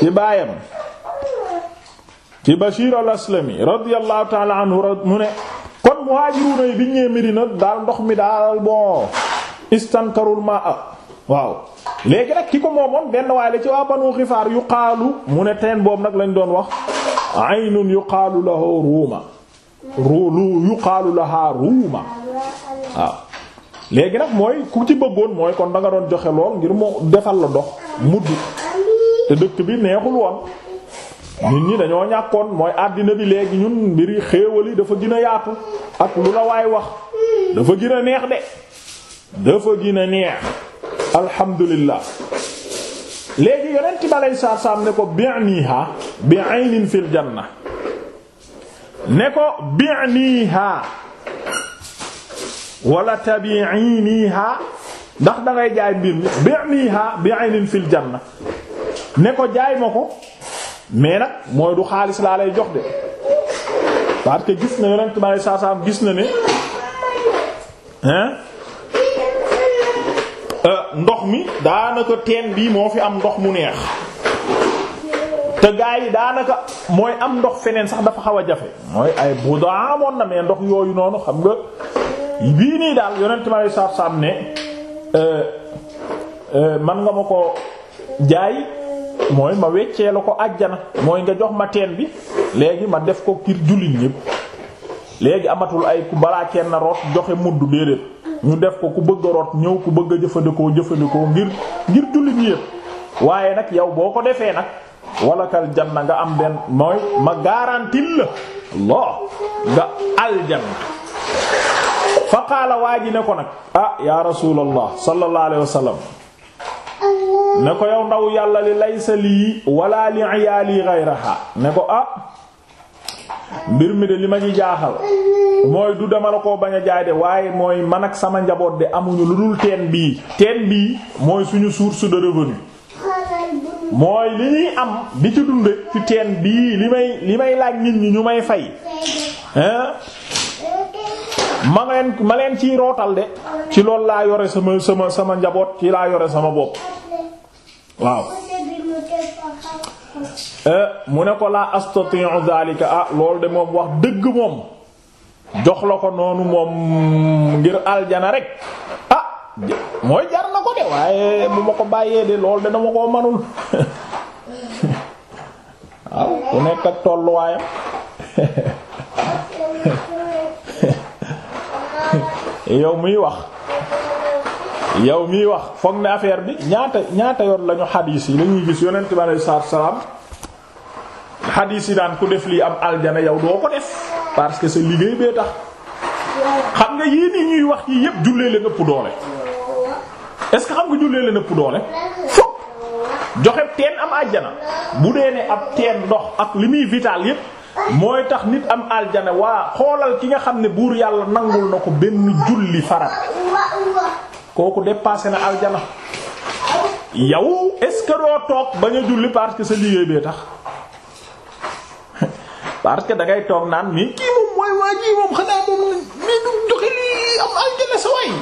ci baayam ci Bashir al-Aslami radiyallahu ta'ala anhu mu ne kon muhaajiruuna yi bi ñëwee Medina daal ndox mi daal bon istankarul ma ab waaw léegi nag ki ko moomoon benn waaye la ci waa Banu Xifaar yuqaalu mu ne teen boobu nag lañ doon wax aynun yuqaalu lahu ruuma ruulu yuqaalu laha ruuma waaw léegi nag mooy ku ci bëggoon mooy kon danga doon joxe lool ngir moo defal la dox mudd te dëkk bi neexul woon nit ñi dañoo ñàkkoon mooy àddina bi léegi ñun mbiri xéewal yi dafa gën a yaatu ak lu la waay wax dafa gën a neex de dafa gën a neex alhamdulillah léegi yonent balay saa ne ko bi'niha bi aynin fil na ne ko bi'niha wala tabi'iniha ndax da ngay jaay mbir mi bi'niha bi aynin fil janna ne ko jaay ma ko mais nag mooy du xaalis laa lay jox de parce que gis na yonent bi saa saam gis na ne hein euh, ndox mi daanaka teen bii moo fi am ndox mu neex te gaa yi daanaka mooy am ndox feneen sax dafa xaw a jafe mooy ay buda amoon na mais yooyu noonu xam nga bii nii daal yonent ma lay saab ne euh, euh, man nga ma ko jaay mooy ma weccee la ko àjjana mooy nga jox ma teen bi léegi ma def ko ngir jullit ñépp léegi amatul ay ku balaa kenn root joxe mudd déedéet ñu def ko ku bëgg root ñëw ku bëgg a jëfandikoo jëfandikoo ngir ngir jullit ñi waaye nag yow boo ko defee nag walakal janna nga am benn mooy ma garantil la loo nga aljanna fa qaala waa ji ne ko nag ah ya rasulallah sallallahu alayhi wasallam ne ko yow ndaw yàlla li laysa lii wala li iyaali ghayraha ne ko a ah, mbir mi de li ma ci jaaxal mooy du dama la koo bañ a jaay de waaye mooy man ak sama njaboot de amuñu lu dul teen bii teen bii mooy suñu source su revenu mooy li ñuy am di ci dunde ci teen bii li may li may laaj nit ñi ñu may fay hein ma leen ma leen ciy rootal de ci loolu laa yore sama sama sama njaboot ci laa yore sama bopp waaw eh, mu ne ko laa astati'u dhalika ah lool de moom wax dëgg moom jox la ko noonu moom ngir aljana rek ah mooy jar na ko de waaye bu ma ko bàyyee de lool de dama koo manul waaw ku nekk ak tolluwaayam yow muy wax yow mii wax foog ne affaire bi ñaata ñaata yoon lañu xadiis yi lañuy gis yonent bi alayhi salaatu salaam xadiis yi daan ku def lii am aljana yow doo ko def parce que sa liggéey bee tax xam nga yii ñuy wax yi yépp jullee leen ëpp doole est-ce que xam nga jullee leen doole joxe teen am aljana bu dee ne ab teen ndox ak li muy vital yépp mooy tax nit am aljana waa xoolal ki nga xam ne buur yàlla nangul na ko benn julli farat kooku de dépassé na aljana yow est-ce que doo toog bañ a julli parce que sa liggéey bee tax parce que da ngay toog naan mi kii moom mooy waa ji moom xanaa moom mi du joxe lii am aljana sa waay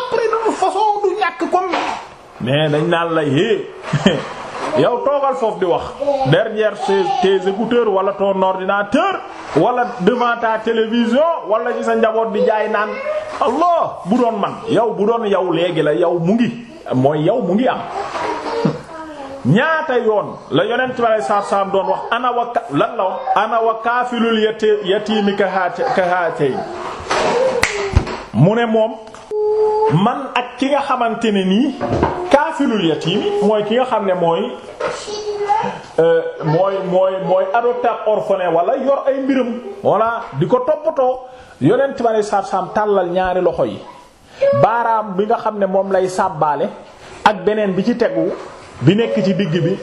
après de toute façon du ñàkk comme mais dañ naan la yée yow toogal foofu di wax derrière tes écouteurs wala ton ordinateur wala devant télévision wala ci sa njaboot di jaay naan allah bu doon man yow bu doon yow léegi la yow mu ngi mooy yow mu ngi am ñaata yoon la yonent bi alei saatu salaam doon wax ana wa lan la wax ana wa kaafilul yat yatiimi ka haatay mu ne moom man ak ki nga xamante ne nii kaafilul yatiimi mooy ki nga xam ne mooy euh, mooy mooy mooy adopté ak orphelin wala yor ay mbiram wala di ko toppatoo yonent bi aleyhi salaatu salaam tàllal ñaari loxo yi baaraam bi nga xam ne moom lay sàbbaale ak beneen bi ci tegu bi nekk ci digg bi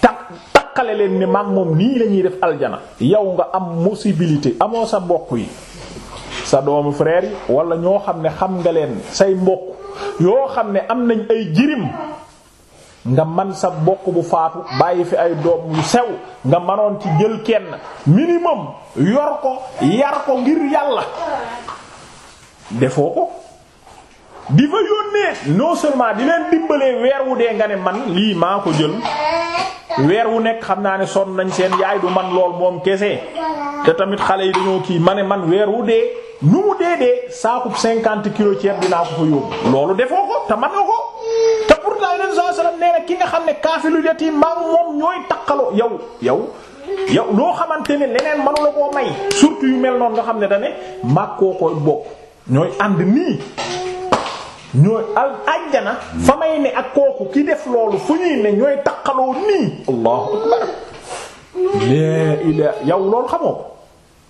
ta takkale leen ni maag moom nii la ñuy def aljana yow nga am musibilité amoo sa mbokk yi sa doomu frère yi wala ñoo xam ne xam nga leen say mbokk yoo xam ne am nañ ay jirim nga man sa bokk bu faatu bàyyi fi ay doom yu sew nga manoon ci jël kenn minimum yor ko yar ko ngir yàlla defoo ko di fa yónnee non seulement di leen dimbalee weer wu dee nga ne man lii maa ko jël weer wu nekk xam naa ne sonn nañ seen yaay du man lool moom kese te tamit xale yi dañoo kii ma ne man weer wu dee nu mu dee dee saakub cinquante kilos ceeb dinaa ko fa yóbbu loolu defoo ko te man na ko te pourtant yeneen saa salaam nee na ki nga xam ne kaafilul yatim maa moom ñooy takkaloo yow yow. loo xamante ne leneen mënu koo may surtout yu mel noonu nga xam ne da ne mag koo koy ànd nii ñooy al ak kooku ki def loolu fu ñuy ne ñooy takkaloo nii allahu akbar laa ilaa yow loolu xamoo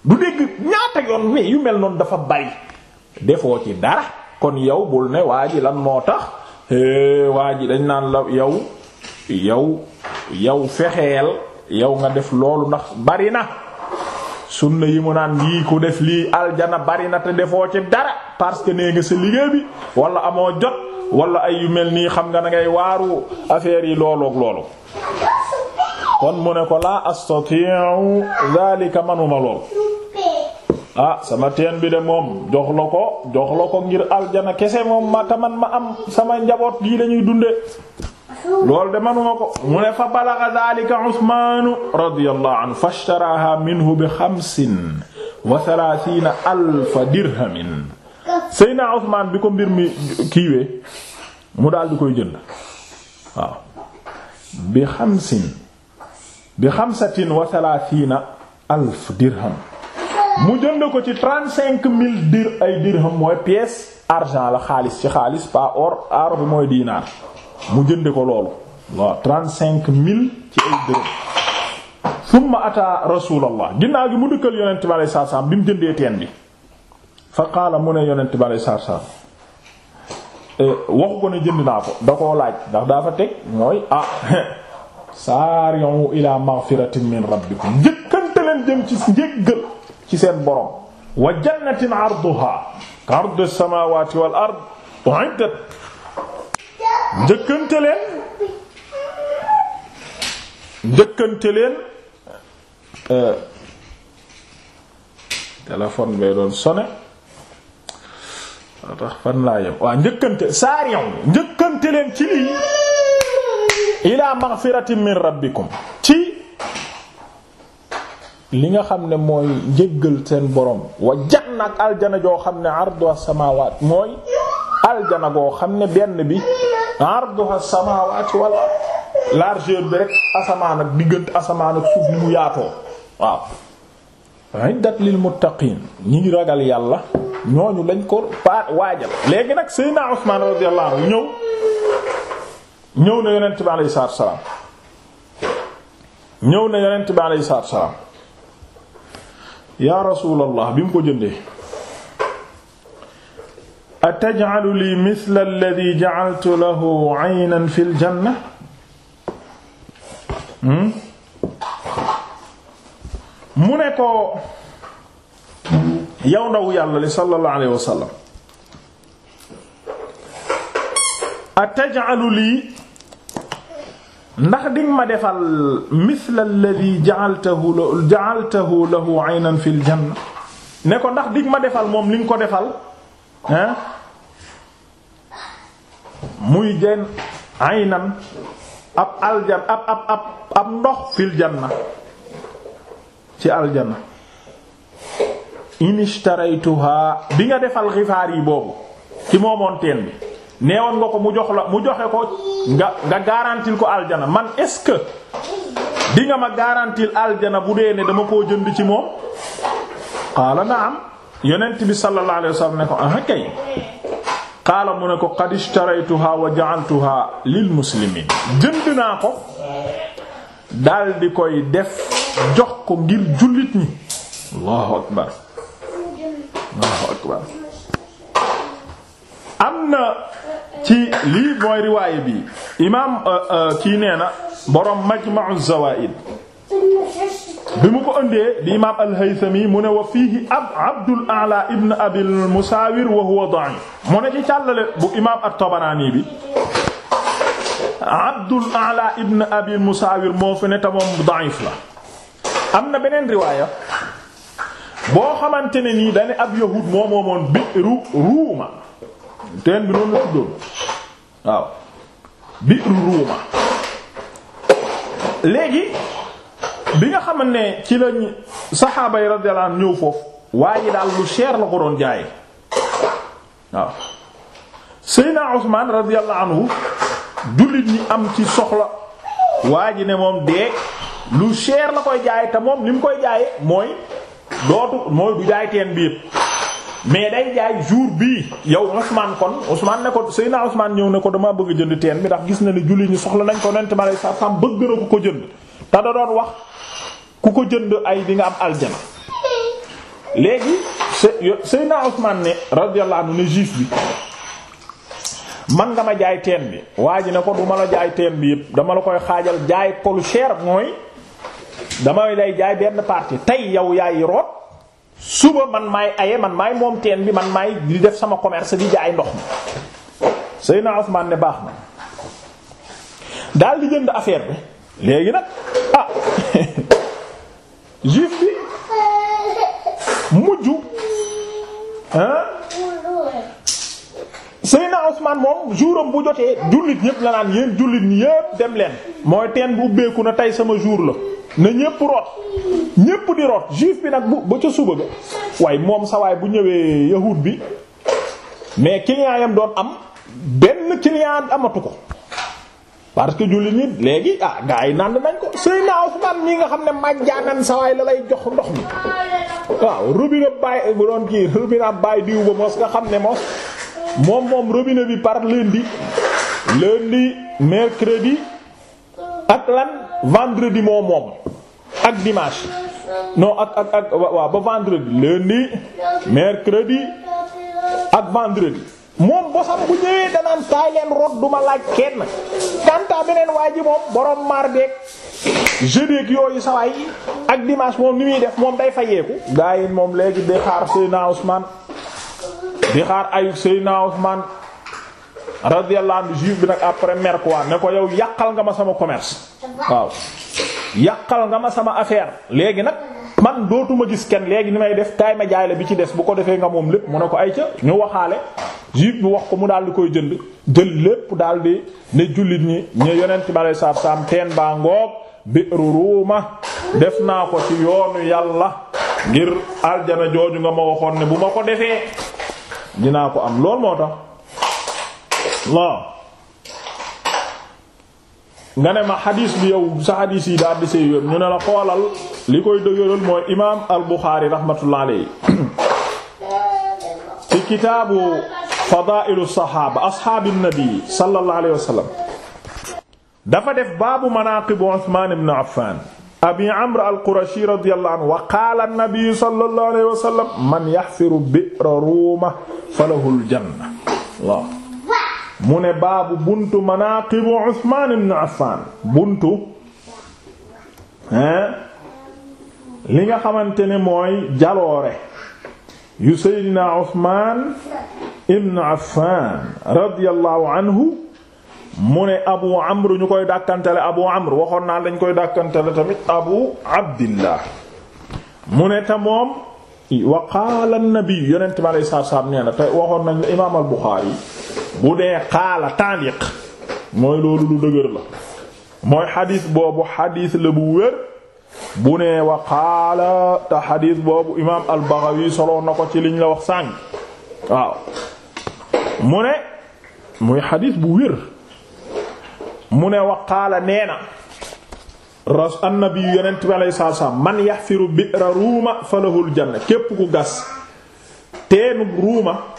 du dégg ñaata yoon mi yu mel noonu dafa bari defoo ci dara kon yow bul ne waa ji lan moo tax waa ji dañ naan la yow yow yow fexeel yow nga def loolu ndax bari na sunna yi mu naan yii ku def lii aljana bari na te defoo ci dara parce que nee nga sa liggéey bi walla amoo jot wala ay mel nii xam nga nangay waaru affaire yi looloog loolu kon mu ne ko laa astati'u zalika manuma lool ah sama teen bi de moom jox la ko jox la ko ngir aljana kese moom ma taman ma am sama njaboot yii lañuy dunde loolu de manuma ko mu ne fa balaga daalika Usmaanu radiyallahu anhu Seyna Usmaan bi ko mbir mi kiiwee mu daal di koy jënd waaw bi xamsin bi xamsatin wa thalaathiina alf dirham mu jënd ko ci trente-cinq mille dir ay dirham mooy pièce argent la xaalis ci xaalis pas or or bi mooy diinaar mu jënd ko loolu waaw trente-cinq mille ci ay dirham summa ata rasulallah ginnaaw gi mu dëkkal yonent bi alayhi salaam bi mu jëndee teen bi fa qaala mu ne yonent bi alayhi salaam eh, waxu ko ne jënd naa ko da koo laaj ndax daa fa teg mooy ah saari'u ila maghfiratin min rabbikum njëkkante leen jëm ci njéggal ci seen borom wa jannatin arduha ardu samawati wal ard uiddat njëkkante leen njëkkante leen euh, téléphone bay doon sonné waa tax fan laa yem waa njëkkante saarion njëkkante leen ci lii ila maghfiratin min rabbikum ci li nga xam ne mooy njéggal seen boroom wa janna ak aljana joo xam ne arduha samaawaat mooy aljana goo xam ne benn bi arduha samaawaat wala largeur bi rek asamaan ak diggante asamaan ak suuf ni mu yaatoo waaw iddat ragal yàlla ñooñu lañ ko pa waajal léegi nag Seydina Usmaan radiyallahu anhu ñëw ñëw na yonent bi alayhi salaatu wa salaam na yonent bi alayhi salaatu wa yaa rasuulallah bi mu ko jëndee ataj'alu li mithla alladhi ja'altu lahu 'aynan fil janna hmm? mu ne ko yow ndaw yàlla li sallallahu alayhi wa sallam ataj'alu lii ndax dinga ma defal misla alladhi ja'altahu ja'altahu lahu 'aynan fil janna ne ko ndax dinga ma defal moom li nga ko defal muy jën 'aynan ab aljan ab ab ab ab ndox fil ci aljanna inishtaraytuha bi nga defal xifaar yi boobu ci moomoon teen bi neewoon nga ko mu jox la mu joxe ko nga nga ko aljana man est-ce que di ma garantil aljana bu dee ne dama koo jënd ci moom qaala naam yonent bi sallallahu alayhi wasallam ne ko kay qaala mu ne ko qad ishtaraytuha wa ja'altuha lil muslimin jënd naa ko daal koy def jox ko ngir jullit ñi allahu akbar allahu akbar am na ci lii mooy riwaay bi imaam euh, euh, kii nee na borom majma'u zawaid bi mu ko ëndee di imaam al-Haythami mu ne wa fiihi ab Abdul A'la ibn Abil Musawir wa huwa da'if mu ne ci càllale bu imaam at-Tabarani bi Abdul A'la ibn Abil Musawir moo fi ne te moom da'if la am na beneen riwaaya boo xamante ne nii dañu ab yahud moo moomoon bi'ru Ruuma teen bi noonu la tuddoon waaw biiru ruuma léegi bi nga xamante ne ci lañ saxaaba yi radiyallahu anhum ñëw foofu waaye daal lu seer la ko doon jaaye waaw Seydina Usmaan radiyallahu anhu jullit ñi am ci soxla waa ji ne moom dee lu cher la koy jaay te moom ni mu koy jaaye mooy dootu mooy du jaay teen bi mais day jaay jour bii yow Ousmane kon Ousmane ne ko Seydina Ousmane ñëw ne ko damaa bëgg jënd teen bi ndax gis na ne julli ñu soxla nañ ko nent ma lay sa sam bëgg na ku ko jënd te da doon wax ku ko jënd ay di nga am aljana léegi Seydina Ousmane ne radiyallahu anhu ne juif bi man nga ma jaay teen bi waa ji ne ko du ma la jaay teen bi yëpp dama la koy xaajal jaay ko cher mooy dama lay jaay benn partie tey yow yaay root suba man maay aye man maay moom teen bi man maay di def sama commerce di jaay ndox mi Seydina Usmaan ne baax na daal di jënd affaire bi léegi nag ah juif bi mujj ah Seydina Usmaan moom juróom bu jotee jullit ñépp la naan yéen jullit ñi yépp dem leen mooy teen bu ubbeeku na tey sama jour la na ñépp root ñépp di root juif bi nag bu ba ca suba ga waaye moom sawaay bu ñëwee yahut bi mais client yam doon am benn client amatu ko parce que jullit nit léegi ah gars yi nand nañ ko sëy na Usmaan mii nga xam ne majjaanan sawaay la lay jox ndox mi waaw robinet baay bu doon kii robinet baay diw ba mos nga xam ne mos moom moom robinet bi par lundi lundi mercredi ak lan vendredi moo moom ak dimanche non ak ak ak waaw ba vendredi lundi mercredi ak vendredi moom bosam bu ñëwee danaan leen rot duma laaj kenn kanta beneen waa ji moom borom mardeek jeudéeg yooyu sawaay ak dimanche moom ni muy def moom day fayeeku gaa yi moom léegi di xaar Seydina Ousmane di xaar ayub Seydina Ousmane radiyallahu anhu juif bi nag après mer quoi ne ko yow yàqal nga ma sama commerce waaw yàqal nga ma sama affaire léegi nag man dootuma gis kenn léegi ni may def kaay ma bi ci des bu ko defee nga moom lépp mu ne ko ay ca ñu waxaale juif bi wax ko mu daal di koy jënd jël lépp daal di ne jullit ñi ñu yonent bi alei saatu salaam teen baa ngoog bi'ru ruuma def naa ko ci yoonu yàlla ngir aljana jooju nga ma waxoon ne bu ma ko defee dinaa ko am lool moo tax non nga ne ma xadiis bi sa xadiis yi daal di say wér ñu la xoolal li koy dëgëral mooy imaam al Buxaari rahmatullah alayhi ci kitaabu fadaa'ilu saxaaba asxaabi nabi sallallahu alayhi wa sallam dafa def baabu manaaqibu Usmaan ibn Affaan abi amr al qurashi radiyallahu anhu wa qaala nabi man yaxfiru bi'ra ruuma falahu al janna mu ne baabu buntu manaaqibu Usmaan buntu hein li nga xamante ne mooy jaloore yu Seydina Usmaan ibn Affaan radiyallahu anhu mu ne Abu Amr ñu koy dàkkantele Abu Amr waxoon naa lañ koy dàkkantele tamit Abu Abdillah mu ne ta wa qaala an-nabi yonent bi nee na te waxoon nañ la imaam al-Buxaari bu dee qaala ta'liq mooy loolu lu dëgër la mooy xadiis boobu xadiis la bu wér bu nee wa te xadiis boobu imaam al-Baghawi soloon na ko ci liñ la wax sàng waaw mu ne muy xadiis bu wér mu ne wa qaala nee na ras annabi yonent bi alayhi salaam man bi bi'ra ruuma falahul janna képp ku gas teenu ruuma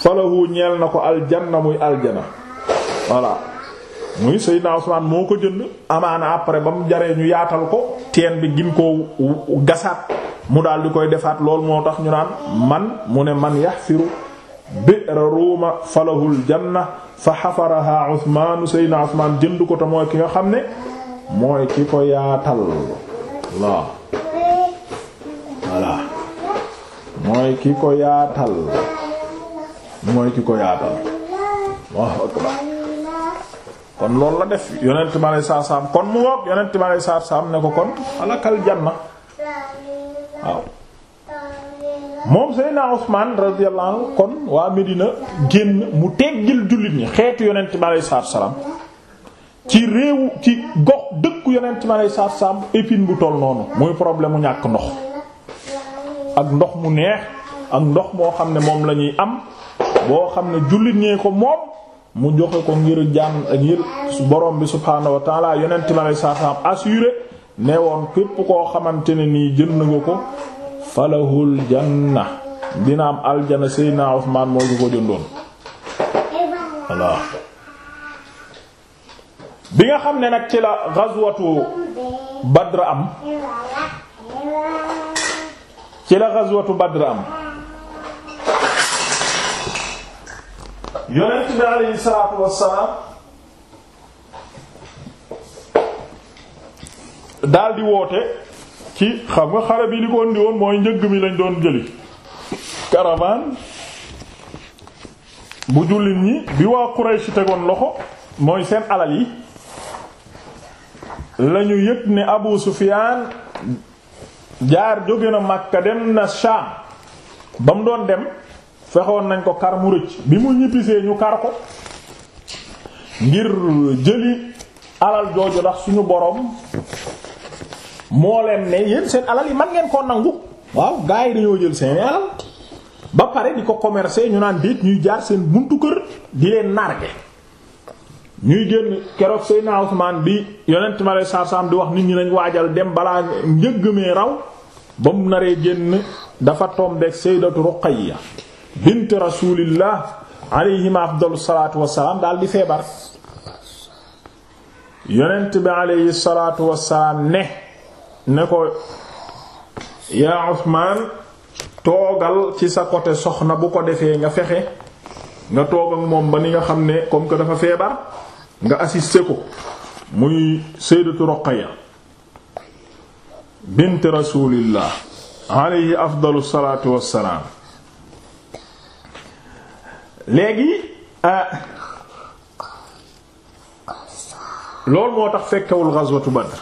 falahu ñeel na ko aljanna muy aljana voilà muy Seydina Usmaan moo ko jënd amaana après ba mu jaree ñu yaatal ko teen bi gin koo gasaat mu daal koy defaat loolu moo tax ñu naan man mu ne man yaxfiru bi'ra ruuma falahul janna fa xafaraha Usmaan Seydina Usmaan jënd ko te mooy ki nga xam ne mooy ki ko yaatal la voilà mooy ki ko yaatal kon loolu la def yonent ma lay saam kon mu ngoog yonent ma lay saam ne ko kon alakal janna waaw moom Seydina Usmaan radiyallahu anhu kon waa Medina génn mu teggil jullit ñi xeetu yonent bi aleyhi ci réewu ci gox yóbbu yonent ma lay saar éppine bu toll noonu muy problème mu ñàkk ndox ak ndox mu neex ak ndox moo xam ne moom lañuy am boo xam ne jullit ñee ko moom mu joxe ko ngir jàmm ngir borom bi subhaanahu wa taala yonent ma lay saar saam assuré woon képp koo xamante ne nii jënd nga ko falahul janna dina am aljana Seydina Usmaan moo ko jëndoon bi nga xam ne nag ci la ghazwatu Badr am ci la ghazwatu Badr am yonent bi alayhi salaatu wassalaam daldi woote ci xam xare bi li ko indi woon mooy njëgg mi lañ doon jëli caravane bu jullit ñi bi waa Quraysh tegoon loxo mooy seen alal yi lañu yëg ne Abu Sufyaan jaar jóge na Makka dem na Shaam ba mu doon dem fexoon nañ ko kar mu rëcc bi mu ñibbisee ñu kar ko ngir jëli alal jooju ndax suñu boroom moo leen ne yéen seen alal yi man ngeen koo nangu waaw gaa dañoo jël seen alal ba pare di ko commercer ñu naan déet ñuy jaar seen buntu kër di leen narge ñuy génn keroog Seydina Usmaan bi yonent ma lay sarsam di wax nit ñi nañ waajal dem balaa njëgg mee raw ba mu naree génn dafa tombeek Sayyidatu Ruqayya bint Rasulillah alayhima afdalu salaat wassalaam daal di feebar yonent bi alayhi salaatu wassalaam ne ne ko yaa Usmaan toogal ci sa côté soxna bu ko defee nga fexe nga toog moom ba ni nga xam ne comme que dafa feebar nga assisté ko muy sayyidatu Ruqayya bint rasulillah alayhi afdalu salaatu wassalaam léegi ah, loolu moo tax fekkewul ghazwatu Badr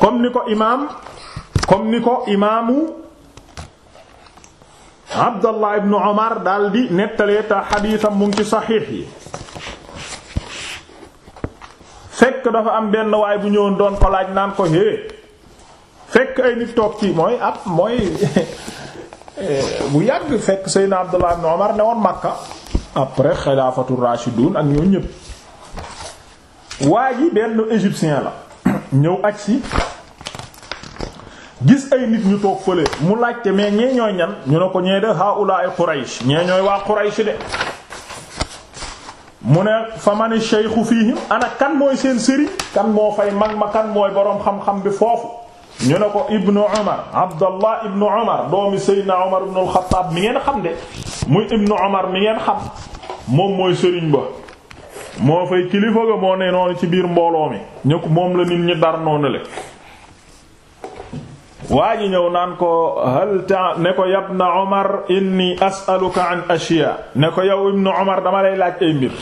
comme ni ko imaam comme ni ko imaamu Abdallah ibn Umar daal di nettalee ta xadiisam mu ngi ci fekk dafa am benn waay bu ñëwoon doon ko naan ko hé fekk ay nit toog ci mooy ab mooy bu yàgg fekk Seydina Abdullah ibn Omar ne woon Makka après xilaafatu rashidun ak ñoo ñëpp waa ji benn égyptien la ñëw aj si gis ay nit ñu toog fële mu laajte mais ñee ñooy ñan ñu ne ko ñee de haula ay Quraysh ñee ñooy waa Quraysh de mu ne fa ma ne fii fihim ana kan mooy seen sëriñ kan moo fay mag ma kan mooy boroom xam-xam bi foofu ñu ne ko ibnu umar abdallah ibnu umar doomi seydina umar ibnu alxataab mi ngeen xam de muy ibnu umar mi ngeen moom mooy sëriñ ba moo fay kilifa ga moo ne noonu ci biir mbooloo mi ñu moom la nit ñi dar noonu le waa ji ñëw naan ko hal ne ko yabna Umar inni as'aluka an ashiya ne ko yow ibnu Umar dama lay laaj ay mbir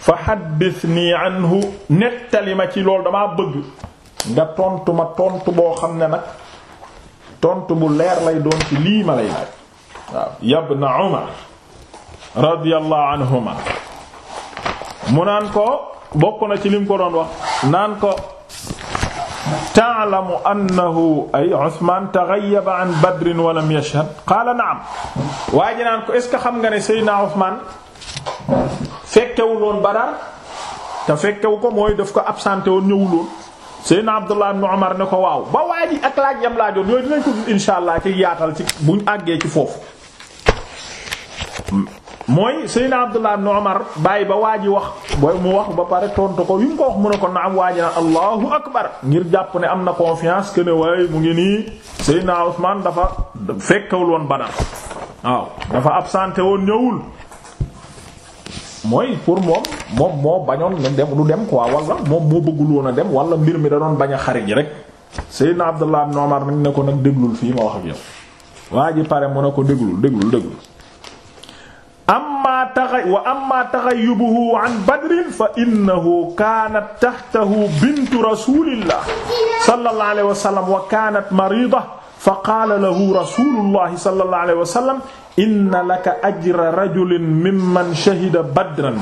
fa haddithni anhu nettali ma ci loolu dama bëgg nga tontu ma tontu boo xam ne nag tontu bu leer lay doon ci lii ma lay laaj Umar radiyallahu anhuma mu naan ko bokk na ci lim doon wax naan ko ta'lamu annahu ay Usmaan taghayyaba an badrin wa lam yashhad qaala na'am waa naan ko est ce que xam nga ne Seydina Usmaan fekkewul woon Badar te fekkewu ko mooy def ko absenté woon ñëwul woon Seydina Abdullah ibn Umar ne ko waaw ba waa ak laaj yam laajoon yooyu dinañ ko insha allah ci yaatal ci bu ñu àggee ci foofu mooy Seydina Abdullah ibn Umar bàyyi ba waa ji wax booy mu wax ba pare tontu ko yu mu ko wax mu ne ko na am waa ji na allahu akbar ngir jàpp ne am na confiance que ne waaye mu ngi nii Seydina Usman dafa fekkewul woon Badar waaw dafa absenté woon ñëwul mooy pour moom moom moo bañoon ne dem du dem quoi wala moom moo bëggul woon a dem wala mbir mi da doon bañ a xarit ji rek Seydina Abdullah ibn Umar nag ne ko nag déglul fii ma wax ak yow waa ji pare mu ne ko déglul déglul déglul amma taxa wa amma taxayyubuhu an badrin fa innahu kaanat taxtahu bintu rasulillah sallallahu alayhi wa sallam wa kaanat marida fa qaala lahu rasulullahi sallallahu alayhi wa sallam inna laka ajra rajulin mimman shahida badran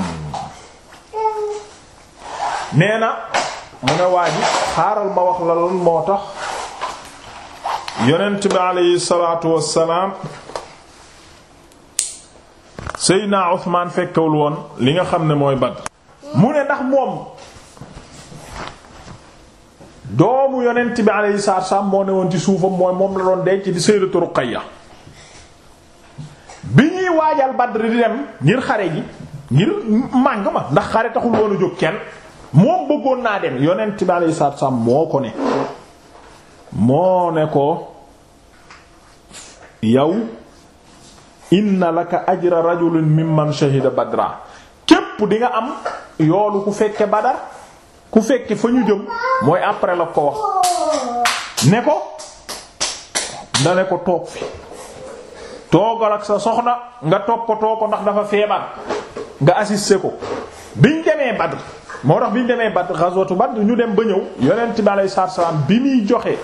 nee na mu ne waa ji xaaral ma wax la lan moo tax yonent bi alayhi salaatu wassalaam Seydina Usmaan fekkewul woon li nga xam ne mooy Badr mu ne ndax moom doomu yonent bi alayhi salaatu salaam moo ne woon ci suufam mooy moom la doon denc di Sayyidatu Ruqayya bi ñuy waajal Badr di dem ngir xare gi ngir màng ma ndax xare taxul woon jóg kenn moom bëggoon naa dem yonent bi alayhi salaatu salaam moo ko ne moo ne ko yow inna laka ajra rajulin mimman shahida badra képp di nga am yoolu ku fekke badar ku fekke fa ñu jëm mooy après la ko wax ne ko da ne ko toog fi toogal ak sa soxna nga toppatoo ko ndax dafa feebar nga assisté ko bi biñ demee Badr moo tax biñ demee Badr ghazwatu Badr ñu dem ba ñëw yonent bi alayhi salaam bi muy joxe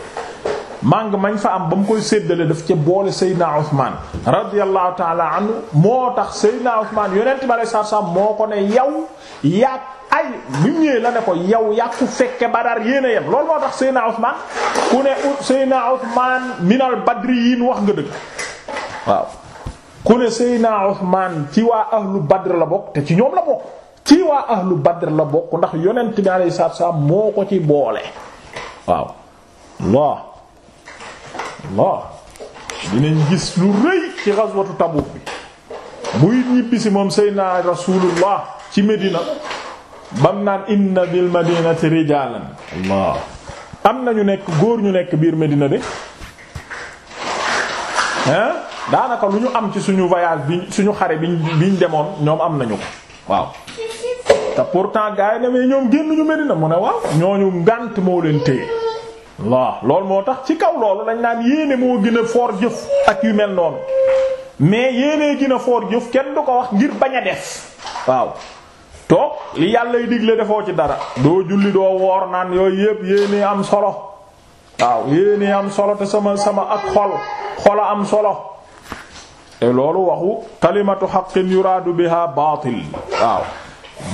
màng mañ fa am ba mu koy séddale daf ca boole Seydina Ousmane radiyallahu taala anhu moo tax Seydina Ousmane yonent bi alayhi salaatu salaam ko ne yow yow yaag ku fekke Badar a yem loolu wax nga dëgg waaw ku la bokk te ci ñoom la bokk ci la bokk ndax yonent bi alayhi salaatu salaam moo ko ci boole waaw waaw. Allah dinañ gis lu rëy ci ghazwatu moom Seydina Rasulullah ci Medina bam naan inna bil madinati rijalan Allah am na ñu nekk góor ñu nekk biir Medina de hein daanaka lu ñu am ci suñu voyage bi suñu xare bi biñ demoon ñoom am nañu ko waaw te pourtant gars yi ne mais ñoom génn ñu Medina mu ne waaw ñooñu ngànt moo leen téye waaw loolu moo tax ci kaw loolu dañ naan yéene moo gën foor jëf ak yu mel noonu mais yéene gina foor jëf kenn du ko wax ngir bañ a def waaw toog li yàlla digle defoo ci dara doo julli doo woor naan yooyu yépp yéene am solo waaw yéene am solo te sama sama ak xol xol am solo te loolu waxu kalimatu haqqin yuraadu biha baatil waaw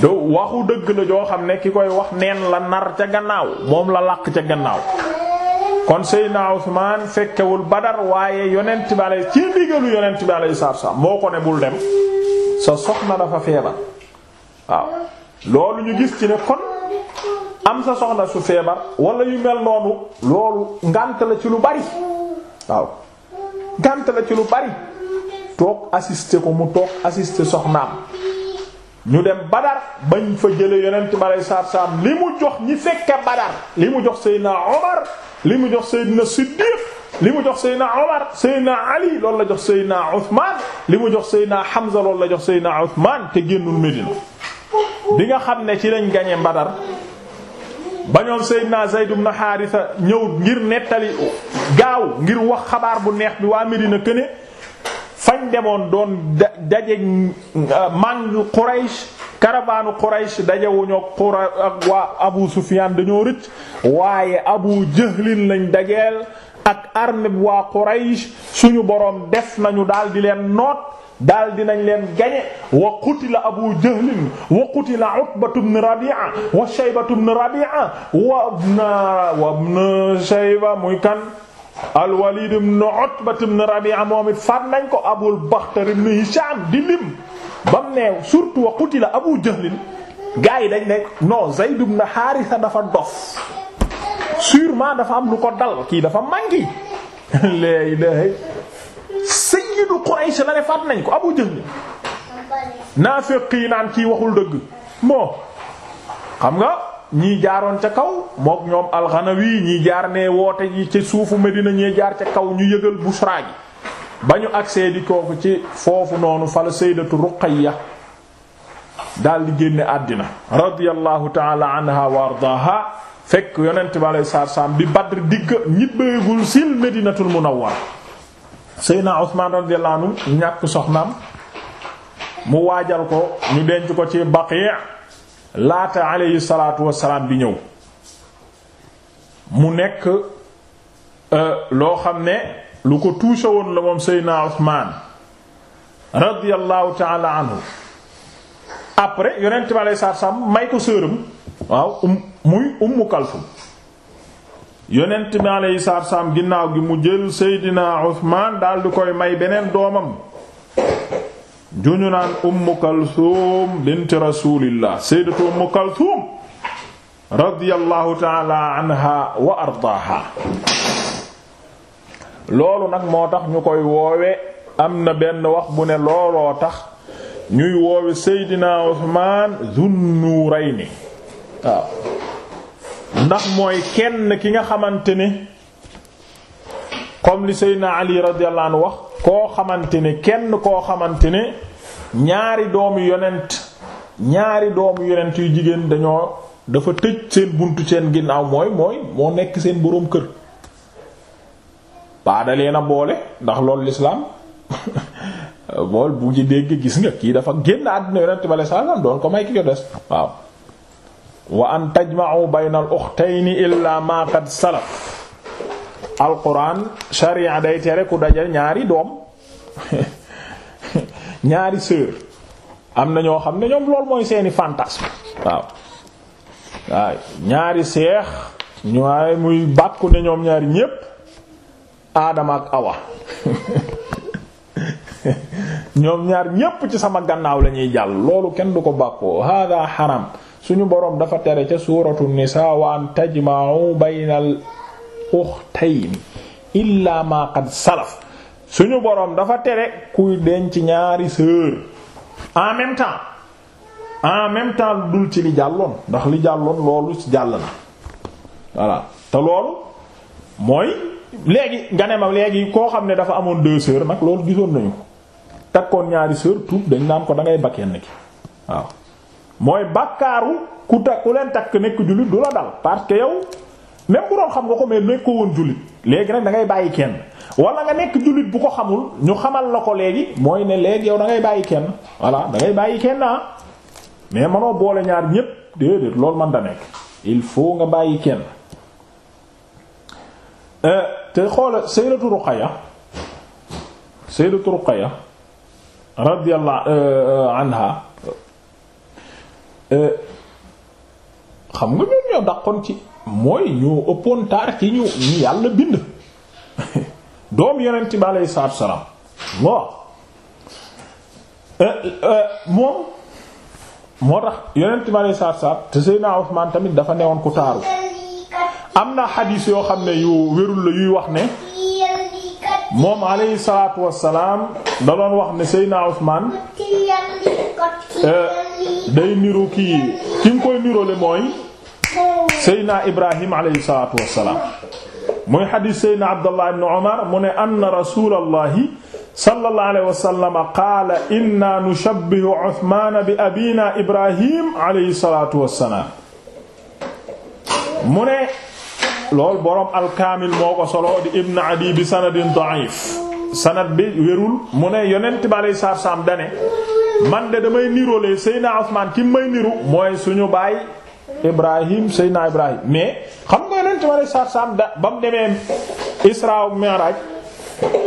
do waxu dëgg la joo xam ne ki koy wax neen la nar ca gannaaw moom la làq ca gannaaw kon Seydina Usmaan fekkewul ba Badar waaye yonent bi alay ci ndigalu yonent bi alay saab saab moo ko ne bul dem sa soxna dafa feebar waaw loolu ñu gis ci ne kon am sa soxna su feebar wala yu mel noonu loolu ngànt la ci lu bari waaw ngànt la ci lu bari toog assister ko mu toog assister soxnaam ñu dem badar bañ fa jële yonent bi aleyhi salaatu salaam li mu jox ñi fekke badar li mu jox seydina omar li mu jox seydina siddiq li mu jox seydina omar seydina ali loolu la jox seydina uthman li mu jox seydina hamza loolu la jox seydina uthman te génnul médina bi nga xam ne ci lañ gañe badar ba ñoom seydina zayd ibn haarisa ñëw ngir nettali gaaw ngir wax xabaar bu neex bi waa médina këne fañ demoon doon daje euh, mang Quraysh karabaanu Quraysh dajewuñu Qura ak waa Abu Sufyaan dañoo rëcc waaye Abu Jahlin lañ dajeel ak armée bi waa Quraysh suñu borom def nañu daal di leen noot daldi dinañ leen gañe wa qutila abu jahlin wa qutila utbatu ibn wa shaybatu ibn rabi'a wa ibn wa ibn shayba muy kan al-Walid ibn Utba ibn Rabi'a it faat nañ ko Abul Bakhtari ibn Hisham di lim ba mu ne surtout wa qutila Abu Jahl gars yi dañ ne non Zayd ibn Haritha dafa dof sûrement dafa am lu ko dal kii dafa manqué laa ilaaha sayyidu Quraysh la ne faat nañ ko Abu Jahl naafiq yi naan kii waxul dëgg moo xam nga. ñi jaaroon ca kaw mook ñoom alxanawi ñii jaar ne woote yi ci suufu Medina ñii jaar ca kaw ñu yëgal bushra gi ba ñu agsee di kooku ci foofu noonu fala sayyidatu Ruqayya daal di génne àddina radiyallahu taala anha wa ardaha fekk yonent bi alei saatu salaam bi Badr digg ñibbeegul sil Medinatul Munawwara Seydina Usmaan radiyallahu ñàkk soxnaam mu waajal ko ñu denc ko ci Baqi' laata aleyhi salaatu wasalaam bi ñëw mu nekk euh, loo xam ne lu ko touché woon la moom Seydina Usmaan radiyallahu taala anhu après yonent bi aleyhi salaatu may ko sëram waaw um, muy Ummu Kalsum yonent bi aleyhi salaatu ginnaaw gi mu jël Seydina Usmaan daal di koy may beneen doomam juñu naan Umm Kalthum bint rasulillah sayyidatu Umm Kalthum radiyallahu ta'ala anha wa ardaaha loolu nag moo tax ñu koy woowe am na benn wax bu ne looloo tax ñuy woowe Seydina Usmaan Zunnurayni waaw ndax mooy kenn ki nga xamante ni comme li Seydina Ali radiyallahu anhu wax koo xamante ne kenn koo xamante ne ñaari doomu yonent ñaari doomu yonent yu jigéen dañoo dafa tëj seen bunt seen ginnaaw mooy mooy moo nekk seen boroom kër paa da leen a boole ndax loolu lislaam bool bu ci dégg gis nga kii dafa génn àddina yonent bale saalam doon ko may ki ko des waaw wa an tajma'u bayna al-ukhtayni illa ma qad salaf alquran sharia day tere ku dajal ñaari doom ñaari sœur am na ñoo xam ne ñoom loolu mooy seeni fantasme waaw waaye ñaari seex ñu muy bàkku ne ñoom ñaari ñépp aadama ak awa ñoom ñaar ñépp ci sama gannaaw lañuy ñuy jàll loolu kenn du ko bàkkoo hada haram suñu boroom dafa tere ca suuratu nisaa wa an tajma'u baynal uxtayni illaa ma qad salaf suñu boroom dafa tere kuy denc ñaari sœur en même temps en même temps dul ci li jàlloon ndax li jàlloon loolu ci jàll na voilà te loolu mooy léegi nga ne ma léegi koo xam ne dafa amoon deux sœurs nag loolu gisoon nañu ko takkoon ñaari sœur tuub dañ naan ko da ngay ba ki waaw mooy bàkkaaru ku takk ku leen takk nekk jullit du la dal parce que yow même bu doon xam nga ko mais nekkoo woon jullit léegi nag da ngay bàyyi kenn wala nga nekk jullit bu ko xamul ñu xamal la ko léegi mooy ne léegi yow da ngay bàyyi kenn voilà da ngay bàyyi kenn ah mais manoo boole ñaar ñépp déedéet loolu man da il faut nga bàyyi kenn euh, te xoola sayyidatu Ruqayya sayyidatu Ruqayya radiyallahu euh, euh, anha xam nga ñoom ñoo daqoon ci mooy ñu ëppoon taar ci ñu ñu yàlla bind doom yonent bi aleyhi salaatu euh, euh, salaam te Seydina Usmaan tamit dafa newoon ku taaru am na xadiis yoo xam ne yu wérul la yuy wax ne moom aleyhi salaatu wassalaam da doon wax ne Seydina Usmaan euh, day niru kii ki mu koy nirole mooy Seydina Ibrahim aleyhi salaatu wa muy xadiis Seydina Abdallah ibn Umar mu ne anna rasuulallahi sallallahu alayhi wa sallam qaala inna nushabbihu bi abiina Ibrahim aleyhi salaatu wa mu ne lool boroom alkaamil moo ko solo Ibn Adi bi sanadin da'if sanad bi wérul mu ne yonent bi salaatu salaam dane man de damay niroolee Seydina Usmaan ki may niru mooy suñu baay. Ibrahim Seydina Ibrahim mais xam nga yonent bi alayhi salaatu salaam da ba mu demee Isra Mi'raj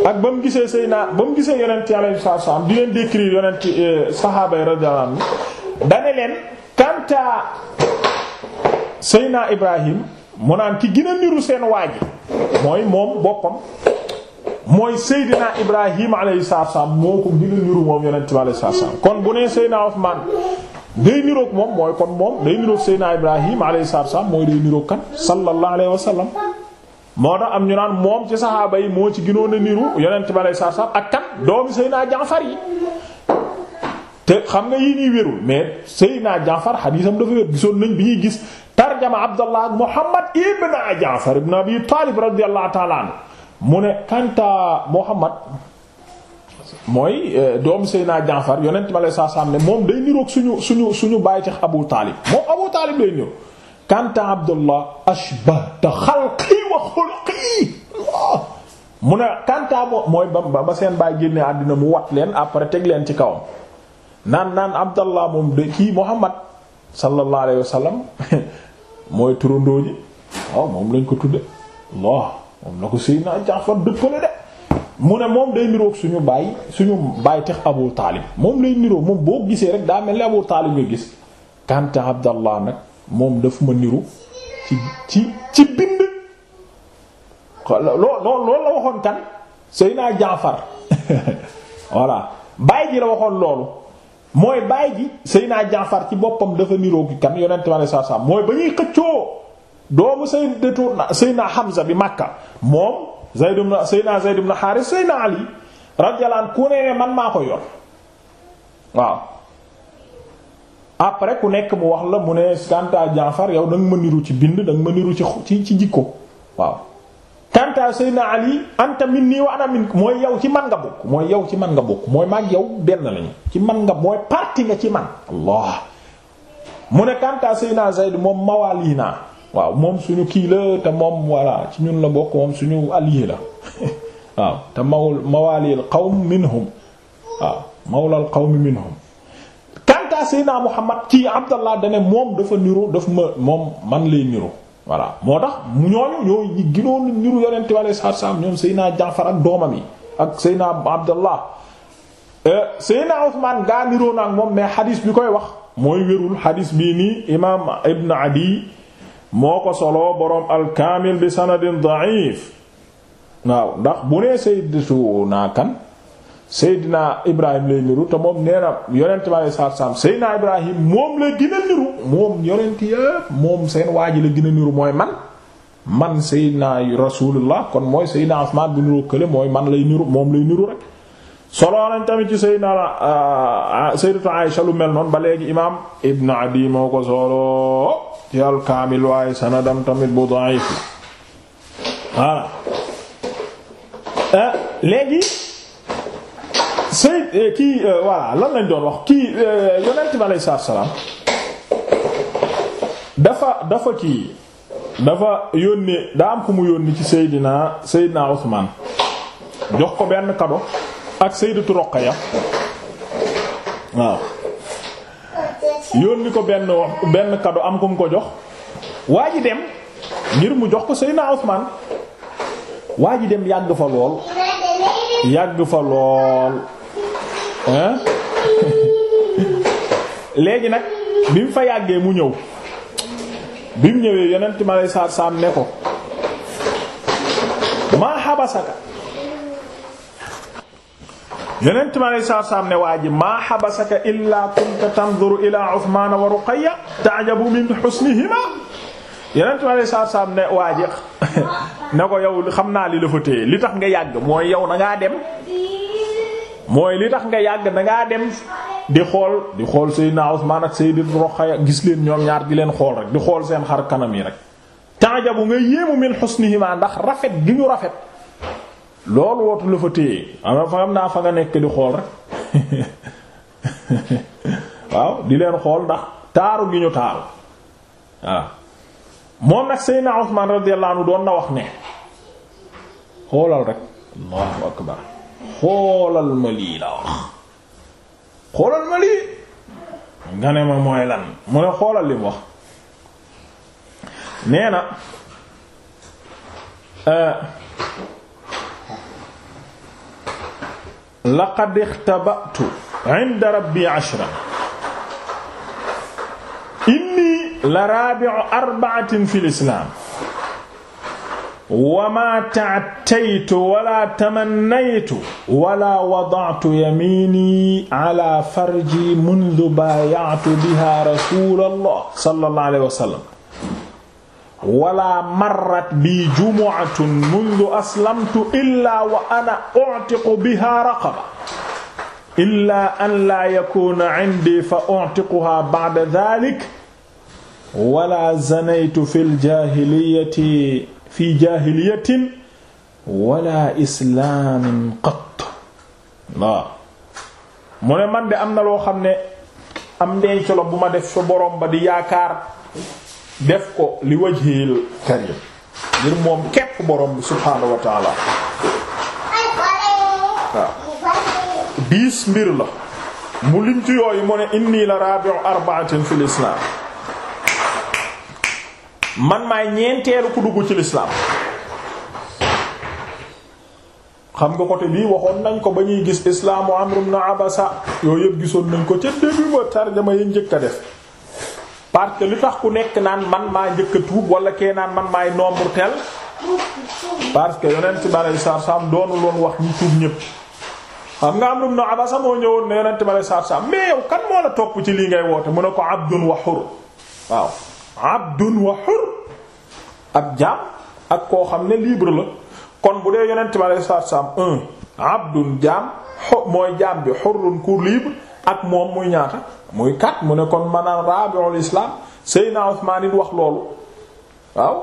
ak ba mu gisee Seydina ba mu gisee yonent bi alayhi di leen décrire yonent euh, saxaaba yi radiyallahu anhum dane leen kanta Seydina Ibrahim mu naan ki gën niru seen waaji mooy moom boppam mooy Seydina Ibrahim alayhi salaatu moo ko gën a niru moom yonent bi alayhi salaatu kon bu nee Seydina Usmaan day niroog moom mooy kon moom day niroog Seydina Ibrahim alayhi salaam mooy day niroog kan sallallahu alayhi wa sallam moo tax am ñu naan moom ci saxaaba yi moo ci ginoon a niru yonent bi alayhi salaam ak kan doomi Seydina Jaafar yi te xam nga yii nii wérul mais Seydina Jaafar xadiisam dafa wér gisoon nañ bi ñuy gis tarjama Abdallah ak Muhammad ibn Jaafar ibn Taalib radiyallahu ta'ala mu ne kanta Muhammad mooy euh, doomu Seydina Jaafar yonent ma lay saa saam ne moom day niroog suñu suñu suñu bàyyi tax Abu Taalib moom Abu Taalib lay niru kanta Abdullah ashbahta xalqi wa xulqi mu ne kanta bo mooy ba ba seen bàyyi génne àddina mu wat leen après teg leen ci kawam naan naan Abdallah moom de kii Muhammad sallallahu alayhi mooy turandoo ji waaw oh, moom lañ ko tudde Allah moom la ko Seydina Jaafar dëppale de mu ne moom day niroog suñu baay suñu baay tax Abu moom lay niroo moom boo gisee rek daa mel ni Abu Taalib nga gis kanta Abdallah nag moom daf ma niru ci ci ci bind loo loolu Jaafar voilà baay ji la waxoon loolu mooy baay ji Seydina Jaafar ci boppam dafa niroog kan yonent ma ne saa saa mooy ba ñuy xëccoo doomu Seydina Hamza bi Makka moom Zayd ibn Seydina Zayd ibn Haaris Seydina Ali radiyallahu anhu ku ne man maa ko yor waaw après ku nekk mu wax la mu ne Kanta Jaafar yow da nga ma niru ci bind da nga ma niru ci ci ci jikko waaw Kanta Seydina Ali anta minni wa ana mink mooy ci man nga mooy yow ci man nga bokk mooy maag yow benn lañu ci man nga mooy parti nga ci man Allah mu ne Kanta Seydina Zayd moom mawaalii naa waaw moom suñu kii la te moom voilà ci ñun la bokk moom suñu allié la waaw te mawul mawaalil qawm minhum waaw mawlal qawmi minhum kanta sayna Muhammad ci Abdallah dane moom dafa niro daf ma moom man lay niro voilà moo tax ñooñu ñooy ñi ginoonu niru yonente bi alei ñoom sayna Jaafar ak doomam yi ak sayna Abdallah eh, sayna Usmaan gaa niroo naag moom mais xadis bi koy wax mooy wérul xadis bii nii imam ibn Adi moo ko soloo boroom alkaamil bi sanadin da'if waaw ndax bu nee sayyidatu naa kan seydina ibrahim lay niru te moom nee na yonent bi alei saatu ibrahim moom la gën niru moom yonent yépp moom seen waa ji la gën niru mooy man man seydina rasulullah kon mooy seydina Usmaan bu niroo kële mooy man lay niru moom lay niru rek soloo nañ tamit ci seydina ah, ah, sayyidatu Aisha lu mel noonu ba léegi imam ibn Adi moo ko solo ci alkaamil waaye sanadam tamit bu da'if voilà euh, léegi Seyd euh, kii euh, voilà lan lañ doon wax kii yonent bi aleyhi salaatu salaam dafa dafa kii dafa yónni daa am ku mu yónni ci Seydina Seydina Usmaan jox ko benn kado ak Sayyidatu Ruqayya waaw yónni ko benn benn kado am ku mu ko jox waa ji dem ngir mu jox ko Seydina Usmaan waa ji dem yàgg fa lool yàgg fa lool léegi nag bi mu fa yàggee mu ñëw bi mu ñëwee yonent ma lay saar saam ne ko maa xabasaka yonent mi alayhi salaatu salaam ne waa ji maa habasaka illaa kunta tanzuru ilaa Usmaan wa Ruqayya ta'jabu min husnihimaa yonent mi alayhi salaatu salaam ne waa ji ko yow xam naa li la li tax nga yàgg mooy yow na ngaa dem mooy li tax nga yàgg na dem di xool di xool Seydina Usmaan ak Seydina Ruqayya gis leen ñoom ñaar di leen xool rek xool seen xar kanam yi rek ndax rafet gi ñu rafet. loolu wootu la fa téye xam naa fa nga nekk di xool rek waaw di leen xool ndax taaru gi ñu taaru waaw moom nag Seydina Usmaan radiyallahu doon na wax ne xoolal rek Allahu akbar xoolal ma lii la wax xoolal ma lii nga ne ma mooy lan mu ne xoolal li mu wax nee na euh, laqad ixtaba'tu 'inda rabbi 'ashra inni la rabi'u arba'atin fil islam wa ma ta'taytu wa la tamannaytu wa la wada'tu yamini ala farji mundu bay'atu biha rasulallah sallallahu alayhi wa sallam wala marrat bi jumu'atun mundu aslamtu illa wa ana u'tiqu biha raqaba illa an la yakuna 'indi fa u'tiquha ba'da dhalik wala zanaytu fil jahiliyyati fi jahiliyyatin wala islaamin qatt waaw mu ne man de am na loo xam ne am ndenc la bu ma def sa borom ba di yaakaar def ko li wajhil karim ngir moom képp borom bi subhaanahu wa taala biis mbir la mu lim ci yooyu mu ne inni la rabi'u arba'atin fil islam man maay ñeenteelu ku dugg ci lislaam xam nga côté bii waxoon nañ ko ba ñuy gis islaamu amru ibn abasa yooyu yëpp gisoon nañ ko ca début ba yi njëkk a def parce que li tax ku nekk naan man maa njëkk tuub wala kee naan man maay nombre tel parce que yonent bi aleyhi salaatu salaam doonul woon wax ñu tuub ñëpp xam nga am na abasa moo ñëwoon ne yonent bi aleyhi salaatu salaam yow kan moo la topp ci lii ngay woote mu ne ko abdun wa xur waaw abdun wa ab jaam ak koo xam ne libre la kon bu dee yonent bi aleyhi salaatu salaam abdun jaam xo mooy jaam bi xurun ku libre ak moom muy ñaata muy kat mu ne kon maanaam rabiul islam Seydina Usmaan it wax loolu waaw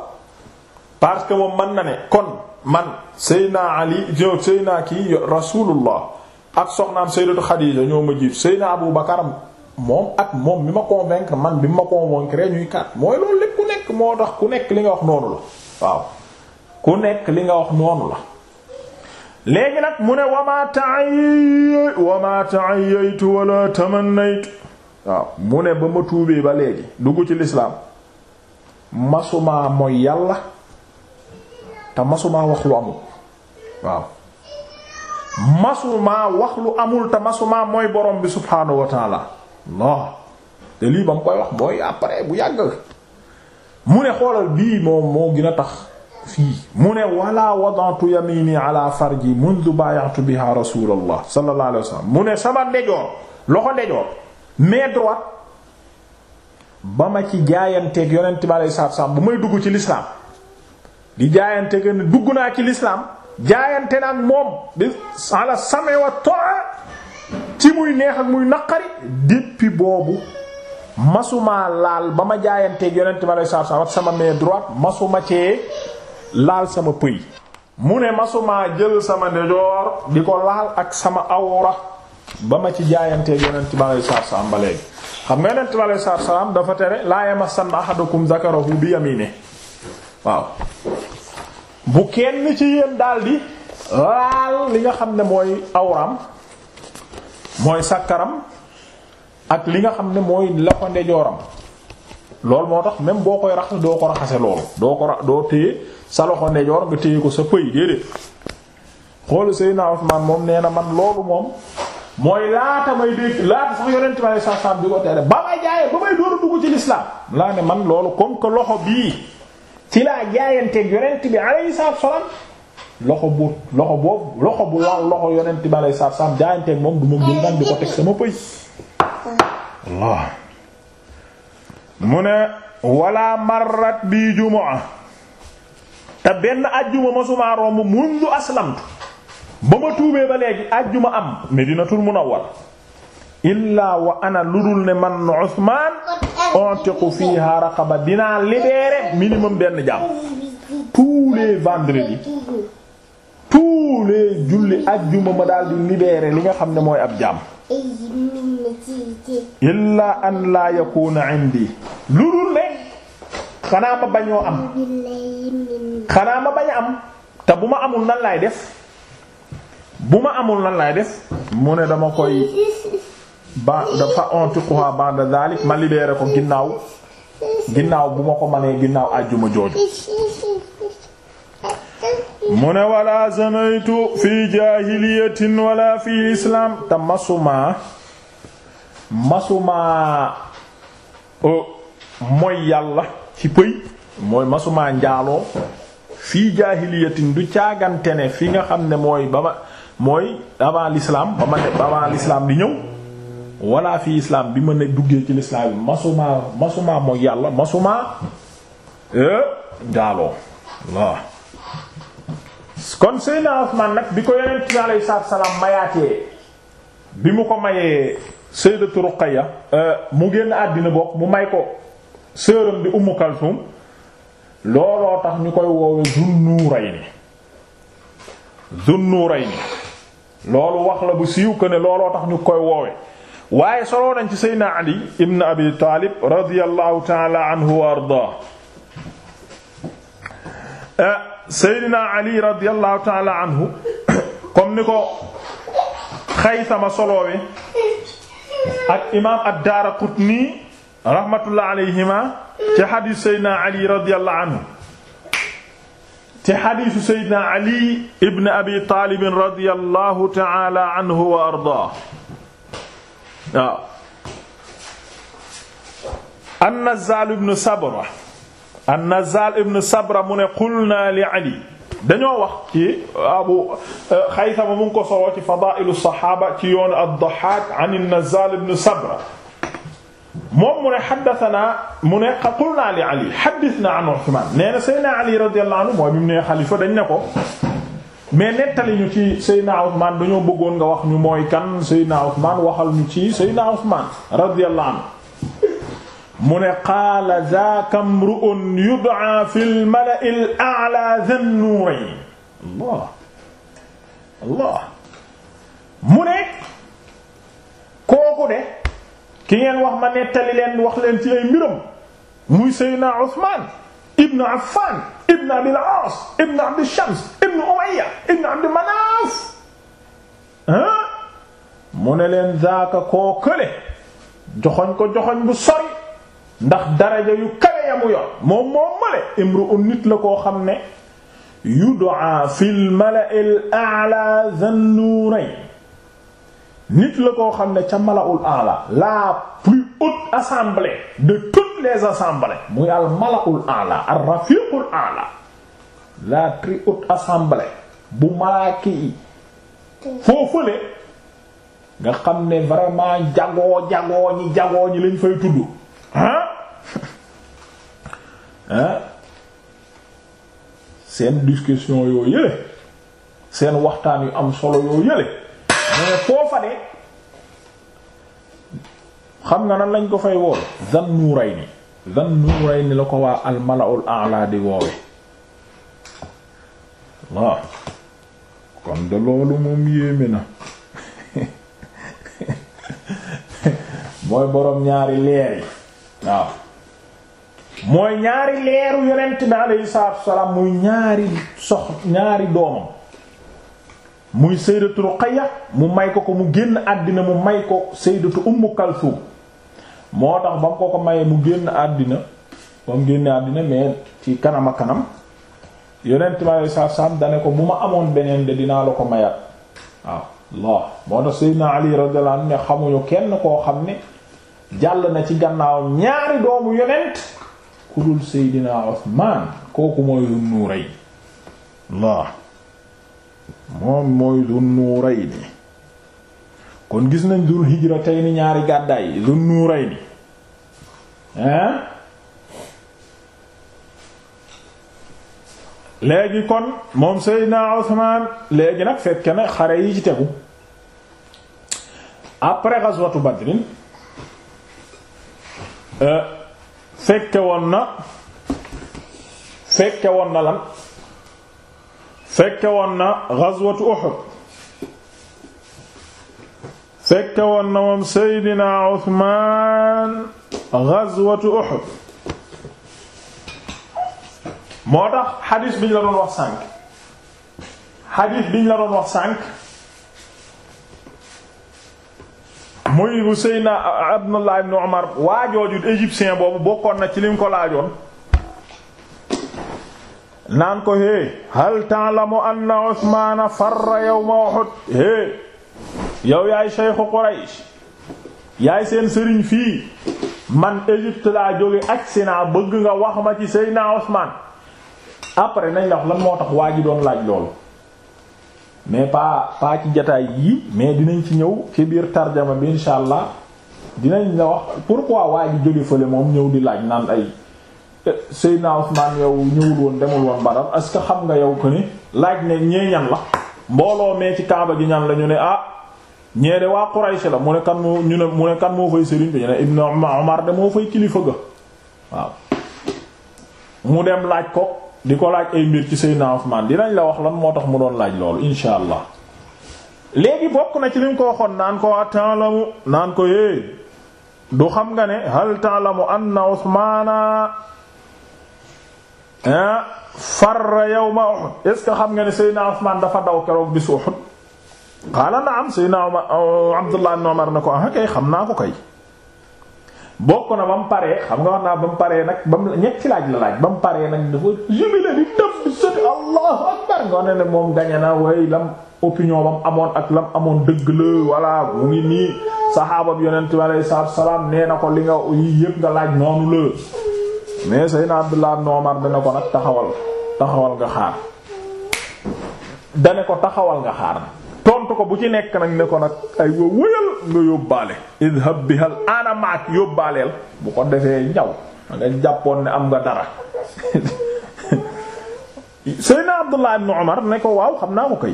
parce que moom man na ne kon man Seydina Ali ñëw Seydina kii rasulullah ak soxnaam Sayyidatu Xadiija ñoo ma jiit Seydina Abu Bakar moom ak moom mi ma convaincre man bi ma convaincre ñuy kat mooy loolu lépp ku nekk moo tax ku nekk li nga wax noonu la waaw ku nekk li nga wax noonu la léegi nag mu ne wamaa ta'ay wamaa ta'ayyaytu wala tamannaytu waaw mu ne ba ma tuubee ba léegi dugg ci lislaam masumaa mooy yàlla te masumaa wax lu amul waaw masumaa wax lu amul te masumaa mooy borom bi subhaanahu wa taala Allah te lii ba mu koy wax mooy après bu yàgg mu ne xoolal bii moom moo gën a tax fii mu ne wala wada'tu yamini ala farji mundu bay'atu biha rasulullah sallallahu alayhi wasallam mu ne sama ndejoor loxo ndejoor main droite ba ma ci jaayanteeg yonent bi alayhi salaam bu may dugg ci lislaam di jaayante gën dugg naa ci lislaam jaayante naag moom bi ala sam'i wa ci muy neex ak muy naqari depuis boobu masuma laal ba ma jaayanteeg yonent bi alayhi salaam sama main droite masuma cee laal sama pëy mu ne masumaa jël sama ndejoor di ko laal ak sama awra ba ma ci jaayantee yonent bi alei saatu salaam ba léegi xam nga yonent bi alei saatu salaam dafa tere laa yamassanna ahadukum zakarahu bi yamine waaw bu kenn ci yéen daldi laal li nga xam ne mooy awram mooy sàkkaram ak li nga xam ne mooy la ko ndejooram loolu moo tax même boo koy raxas doo ko raxase loolu doo ko ra doo téye sa loxo ndejoor nga téye ko sa pëy déedéet xoolu Seydina Usmaan moom nee na man loolu moom mooy laata may dégg laata sax yonent ma sa ko tere ba may man loolu comme que loxo bii ci laa jaayanteeg yonent bi alayhi salaam loxo bu loxo boobu loxo bu laal loxo yonent bi alayhi salaatu salaam jaayanteeg moom du ma jël di ko teg sama pëy mu ne marrat bi jumaa te benn ajjuma masumaa romb mundu aslamtu ba ma tuubee ba léegi ajjuma am Medinatul Munawwar illaa wa ana ludul ne man Usmaan ontiqu fiiha raqaba dinaa libérer minimum benn jàmm tous les vendredis ajjuma ma daal di libérer li nga xam ne mooy ab jaam illaa an laa yakuna lu dul ne xanaa ma bañoo am xanaa ma bañ am te bu ma amul nan laay def bu ma amul nan laay def mu ne dama koy ba dafa ontiquha ba'da dalik ma libérer ko ginnaaw ginnaaw bu ma ko manee ginnaaw ajjuma jooju mu ne wala zanaytu fi jaahiliyatin wala fi islam te masuma masuma mooy yàlla ci pëy mooy masuma njaaloo fii jaahiliyatin du caagante ne fi nga xam ne mooy ba mooy avant l'islam ba ma ne avant l'islam di ñëw wala fi islam bi ma ne duggee ci l'islam bi masuma masuma mooy yàlla masuma njaaloo waaw kon Seydina Usmaan nag bi ko yonent bi salaam mayaatee bi mu ko mayee Sayyidatu Ruqayya euh, mu génn àddina bokk mu may ko sëram di Ummu Kalsum looloo tax ñu koy woowe Zunnurayni Zunnurayni loolu wax la bu siiw ko ne looloo tax ñu koy woowe waaye soloo nañ ci Seydina Ali ibn Abi Taalib radiyallahu ta'ala anhu wa ardaa euh, Seydina Ali radiyallahu taala anhu comme ni ko Xaysama soloowe ak imaam ad-Daaraqutni rahmatullah alayhima ci xadiis Seydina Ali radiyallahu anhu ci xadiisu Seydina Ali ibn Abi Taalib radiyallahu taala anhu wa ardaa waaw an-Nazzaal ibn Sabra an-Nazzal ibn Sabra mu ne qulna li Ali dañoo wax ci Abu euh, Xaysama mu ngi ko sowoo ci Fadaa'ilu Saxaaba ci yoonu ad-Dahhaak an an-Nazzal ibn Sabra moom mu ne haddasanaa mu ne qulna li Ali haddisnaa an Usmaan nee na Seydina Ali radiyallahu anhu mooy bi mu nee xalifa dañ ne ko mais nettali ñu ci Seydina Usmaan dañoo bëggoon nga wax ñu mooy kan Seydina Usmaan waxal ñu ci Seydina Usmaan radiyallahu anhu mu ne qaala zaaka mru'un yud'a fil mala'il a'la dhan nurayn allah allah mu ne kooku de ki ngeen wax ma nettali leen wax leen ci ay mbiram muy Seydina Usmaan ibn Affan ibn Abil Aas ibn Abdi Shams ibn Umayya ibn Abdi Manaaf ah mu ne leen zaaka koo kële joxoñ ko joxoñ bu sori ndax daraja yu kawe ya mu moom moom male imru'un nit la koo xam ne yu yud'a fil mala'il a'la dhannuray nit la koo xam ne ca mala'ul a'la la plus haute assemblée de toutes les assemblées muy al mala'ul a'la ar rafiqul a'la la très haute assemblée bu malaaka yi foofale nga xam ne vraiment jagoo jagoo ñi jagoo ñi lañ fay tudd ah seen discussion yoo yële seen waxtaan yu am solo yoo yële mais foofa de xam nga nan lañ ko fay woowe zan nuuray ni zan nuuray ni la ko waa almalaul ala di woowe waaw kon de loolu moom yéeme na mooy boroom ñaari leer yi waaw mooy ñaari leeru yonent bi alayhi salaatu wassalaam muy ñaari sox ñaari doomam muy sayyidatu Ruqayya mu may ko ko mu génn àddina mu may ko sayyidatu umm Kalsum moo tax ba mu ko ko mayee mu génn àddina ba mu génn àddina mais ci kanam kanam yonent bi alayhi salaatu wassalaam dane ko bu ma amoon beneen de dinaa la ko mayaat waaw Allah moo tax sayyidina Ali radiyallahu anhu ne xamuñu kenn koo xam ne jàll na ci gannaaw ñaari doomu yonent ku dul Seydina Usmaan kooku mooy Dun Nuurayn laa moom mooy Dun Nuurayn kon gis nañ Dul Hijratayni ñaari gàddaay yi Dun Nuurayn léegi kon moom Seydina Usmaan léegi nag fekk na xare yi ci tegu après ghazwatu Badrin Euh, fekke woon na fekke woon na lan fekke woon na ghazwatu Uhud fekke woon na moom Seydina Usmaan ghazwatu Uhud moo tax xadiis biñ la doon wax sànk xadiis biñ la doon wax sànk muy bu Seydina Abdullah ibn Umar waa jooju égyptien boobu bokkoon na ci li ko laajoon naan ko hé hal ta'lamu anna Usmaan farra yawma Uhud hé yow yaay Seexu Quraysh yaay seen sëriñ fii man Égypte laa jóge ak Sénat bëgg nga wax ma ci Seydina Usmaan après nañ la lan moo tax waa ji doon laaj loolu mais pas paa ci jataay yii mais dinañ ci ñëw ci biir tarjama bi insha allah dinañ la wax pourquoi waa ji jóge fële moom ñëw di laaj naan ay sey eh, Seydina Ousmane yow ñëwul woon demul woon Badar est que xam nga yow ko ni laaj ne ñee ñan la mbooloo mee ci Kaaba gi ñan la ñu ne ah ñee de waa Quraysh la mu ne kan moo ñu ne kan moo fay Serigne bi ñu ne Ibn Umar de moo fay kilifa ga waaw mu dem laaj ko. di ko laaj ay mbir ci Seydina Usmaan dinañ la wax lan moo tax mu doon laaj loolu insha allah léegi bokk na ci liñ ko waxoon naan ko waa ta'lamu naan ko é du xam nga ne hal ta'lamu anna Usmaana ah, far yow ma est ce xam nga ne Seydina Usmaan dafa daw keroog bisu Uhud qaala na'am Seydina Abdullah ibn Umar na ko ah kay xam naa ko kay bokk na ba mu paree xam nga wax naa ba mu paree nag ba mu ñetti laaj la laaj ba mu paree nag dafa jubile di tëb sëti allahu akbar nga wax ne ne moom gañe na la lam opinion bam amoon ak lam amoon dëgg la voilà mu ngi nii saxaaba bi yonent bi alayhi salaam nee na ko li nga yi yëpp nga laaj noonu la mais Seydina Abdullah ibn Umar dana ko nag taxawal taxawal nga xaar dana ko taxawal nga xaar tontu ko bu ci nekk nag ne ko nag ay wa wëyal nga yóbbaale idhab bihal ana maak yóbbaaleel bu ko defee ñaw nga jàppoon ne am nga dara Seydina Abdullah ibn Umar ne ko waaw xam naa ko kay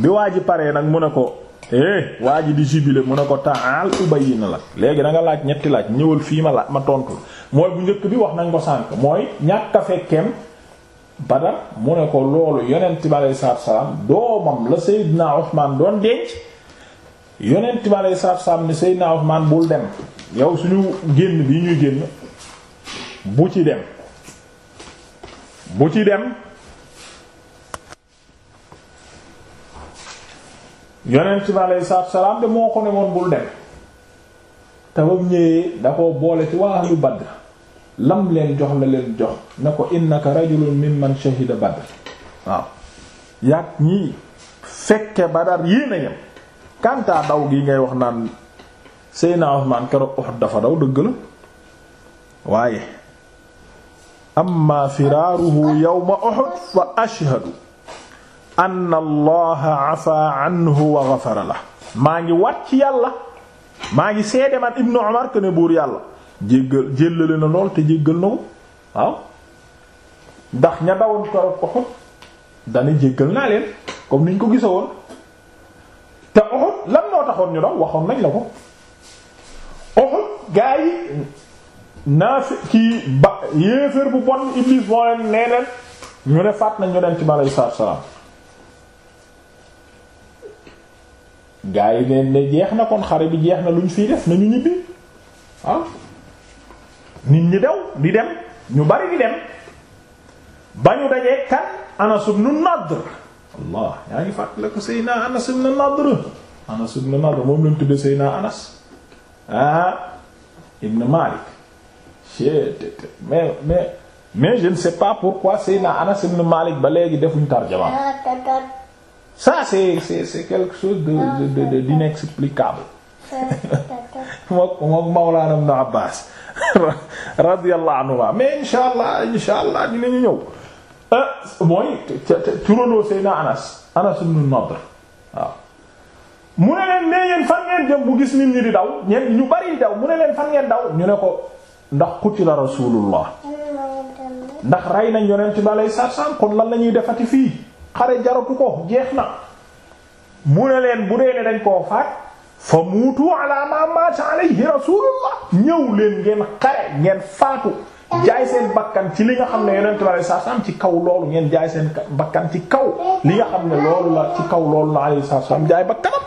bi waa ji paree nag mu ne ko eh waa ji di jibile mu ne ko taal ubayi na la léegi da nga laaj ñetti laaj ñëwal fii ma la ma tontu mooy bu njëkk bi wax nañ ko sànk mooy ñàkk fekkeem Badar mu ne ko loolu yonent bi aleyhi salaatu salaam doomam la Seydina Usmaan doon denc yonent bi aleyhi salaatu salaam ne Seydina bul dem yow suñu génn bi ñuy génn bu ci dem bu ci dem yonent bi aleyhi salaatu salaam de moo ko ne bul dem te ba mu ñëwee da ko boole ci waa yu Badr lam leen jox la leen jox na ko innaka rajulun mimman shahida badr waaw yàgg ñii fekke badar yéen a kantaa daw gi ngay wax naan Seydina Usmaan keroog Uhud dafa daw dëgg la waaye amma firaaruhu yawma Uhud fa ashhadu anna allaha afa anhu wa la maa ngi wat ci yàlla maa ngi seede man ibnu Umar ko ne buur yàlla jéggal jéllale na lool te jéggal na ko waaw ndax ña dawoon torop Uhud dana jéggal naa leen comme niñ ko gisawoon te Uhud lan moo taxoon ñu daw waxoon nañ la ko Uhud gaa yi naa fi kii ba yéeféer bu bon Iblis moo leen nee leen ñu ne fàtt nañ ñu leen ci ma aleyhi salaatu salaam gaa yi ne ne jeex na kon xare bi jeex na lu ñu fiy def nañu ñibbi ah? nit ñi dew di dem ñu bari di dem ba ñu dajee kan Anas ibn Nadr Allah yaa ngi fàttaliku Seydina Anas ibn Nadr moom lañ tuddee Seydina Anas ah ibn Malik mais mais mais je ne sais pas pourquoi Seydina Anas ibn Malik ba léegi defuñ tarjama ça c'est c'est c'est quelque chose de de de d'inexplicable mook mook Mawlana Ibn Abbas radiyallahu anhu mais insha allah insha allah dinañu ñëw euh, mooy turandoo Seydina Anas Anas ibn Nadr waaw mu ne leen nee ngeen fan ngeen jëm bu gis nit ñi di daw ñeen ñu bari di daw mu ne leen fan ngeen daw ñu ne ko ndax qutila rasulullah ndax rey nañ yonent bi aleyhi salaatu salaam kon lan la ñuy defati fii xare jaratu ko jeex na mu ne leen bu dee ne dañ koo faat fa muutu ala ma mata alayhi rasulullah ñëw leen ngeen xare ngeen faatu jaay seen bakkan ci li nga xam ne yonent bi saa saam ci kaw loolu ngeen jaay seen bakkan ci kaw li nga xam ne loolu la ci kaw loolu la alayhi salaam jaay bakkanam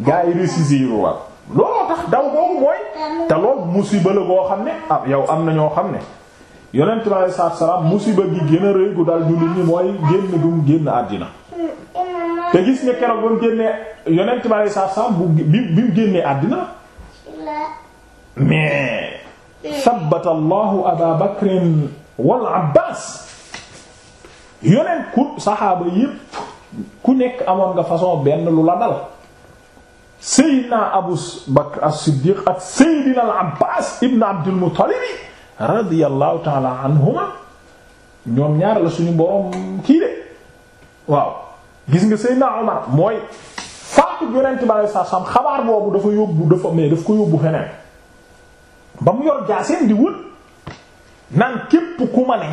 gaa yi récisir war looloo tax daw boobu mooy te loolu musiba la boo xam ne ah yow am na ñoo xam ne yonent bi saa salaam musiba gi gën a rëy gu dal jullit ñi mooy génn dum génn àddina te gis nga keroog ba mu génnee yonent bi aleyhi salaatu salaam bu bi bi mais sabbata allahu aba bakrin wal abbas ku saxaaba ku nekk amoon nga façon benn lu la dal seydina abu bakr as-siddiq ak seydina al abbas ibn abdul muttalib radiyallahu taala anhuma ñoom ñaar la suñu borom kii gis nga Seydina Omar mooy faatu yonent bi alayhi salaam xabaar boobu dafa yóbbu dafa mais daf ko yóbbu feneen ba mu yor jaaseen di wut naan képp ku ma ne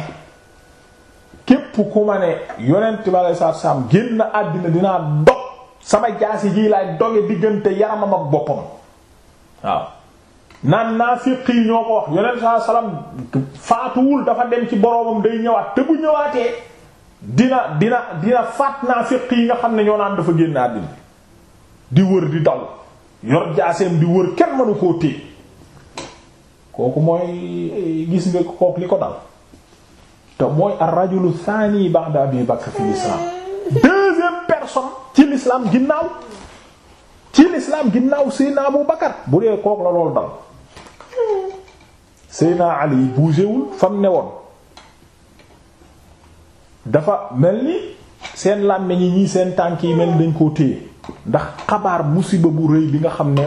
képp ku ma ne yonent bi alayhi salaam génn àddina dinaa dog sama jaasi ji laay doge diggante yaramam ak boppam waaw naan naafiq yi ñoo ko wax yonent salaam faatuwul dafa dem ci boroomam day ñëwaat te bu ñëwaatee. dina dina dina faat naafiq yi nga xam ne ñoo naan dafa génn àddina di wër di daw yor jaaseem di wër kenn mënu koo téye kooku mooy gis nga kook li ko dal te mooy ar-rajulu thani ba'da Abi Bakr fi l'islam deuxième personne ci l'islam ginnaaw ci l'islam ginnaaw Seyna Abu Bakar bu dee kook la loolu dal Seyna Ali bougéwul fam ne woon dafa mel ni seen làmmiñ yi ñii seen tànk yi mel ni dañ koo téye ndax xabaar musiba bu rëy bi nga xam ne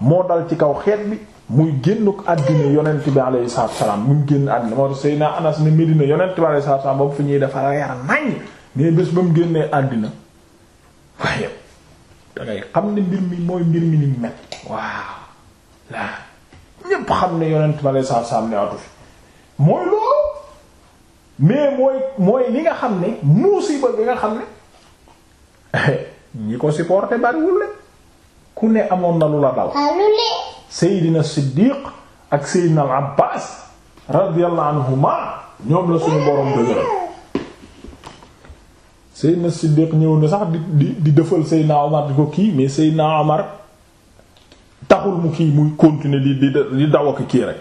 moo dal ci kaw xeet bi muy génn ko àddina yonent bi alayhi salaatu salaam mu génn àddina moo tax Seydina Anas ne Medina yonent bi alayhi salaam ba mu fi ñuy dafa yar nañ mais bés ba mu génnee àddina waaye dangay xam ne mbir mi mooy mbir mi ni mel waaw ñépp xam ne yonent bi alayhi salaatu salaam ne atu fi mais mooy mooy li nga xam ne musiba bi nga xam ne ñi ko supporté bariwul ku ne amoon na lu la dal Seydina Siddiq ak Seydina al Abbas radiyallahu anhuma ñoom la suñu borom dëgëral Seydina Siddiq ñëw na sax di di di dëfal Seydina Omar di ko kii mais Seydina Omar taxul mu kii mu continuer di daw ak kii rek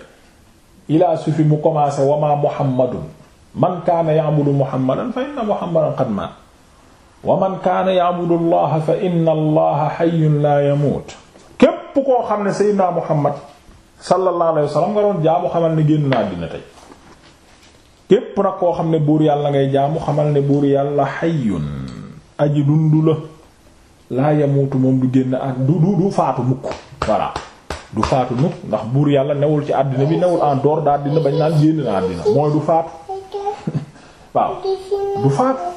il a suffi mu commencé wama Muhammadun man kaana ya'budu muhammadan fa inna muhammadan qad wa man kaana ya'budu allaha fa inna allaha hayyun la yamut képp koo xam ne sayyidina muhammad sallallahu alayhi wa sallam nga doon jaamu xamal ne génn naa dina képp nag koo xam ne buur yàlla ngay jaamu xamal ne buur yàlla hayyun aji dundu la laa yamutu moom du génn ak du du faatu mukk voilà du faatu mukk ndax buur yàlla newul ci àddina bi newul en dehors d'àddina bañ naan génn na àddina mooy du faatu waaw du faatu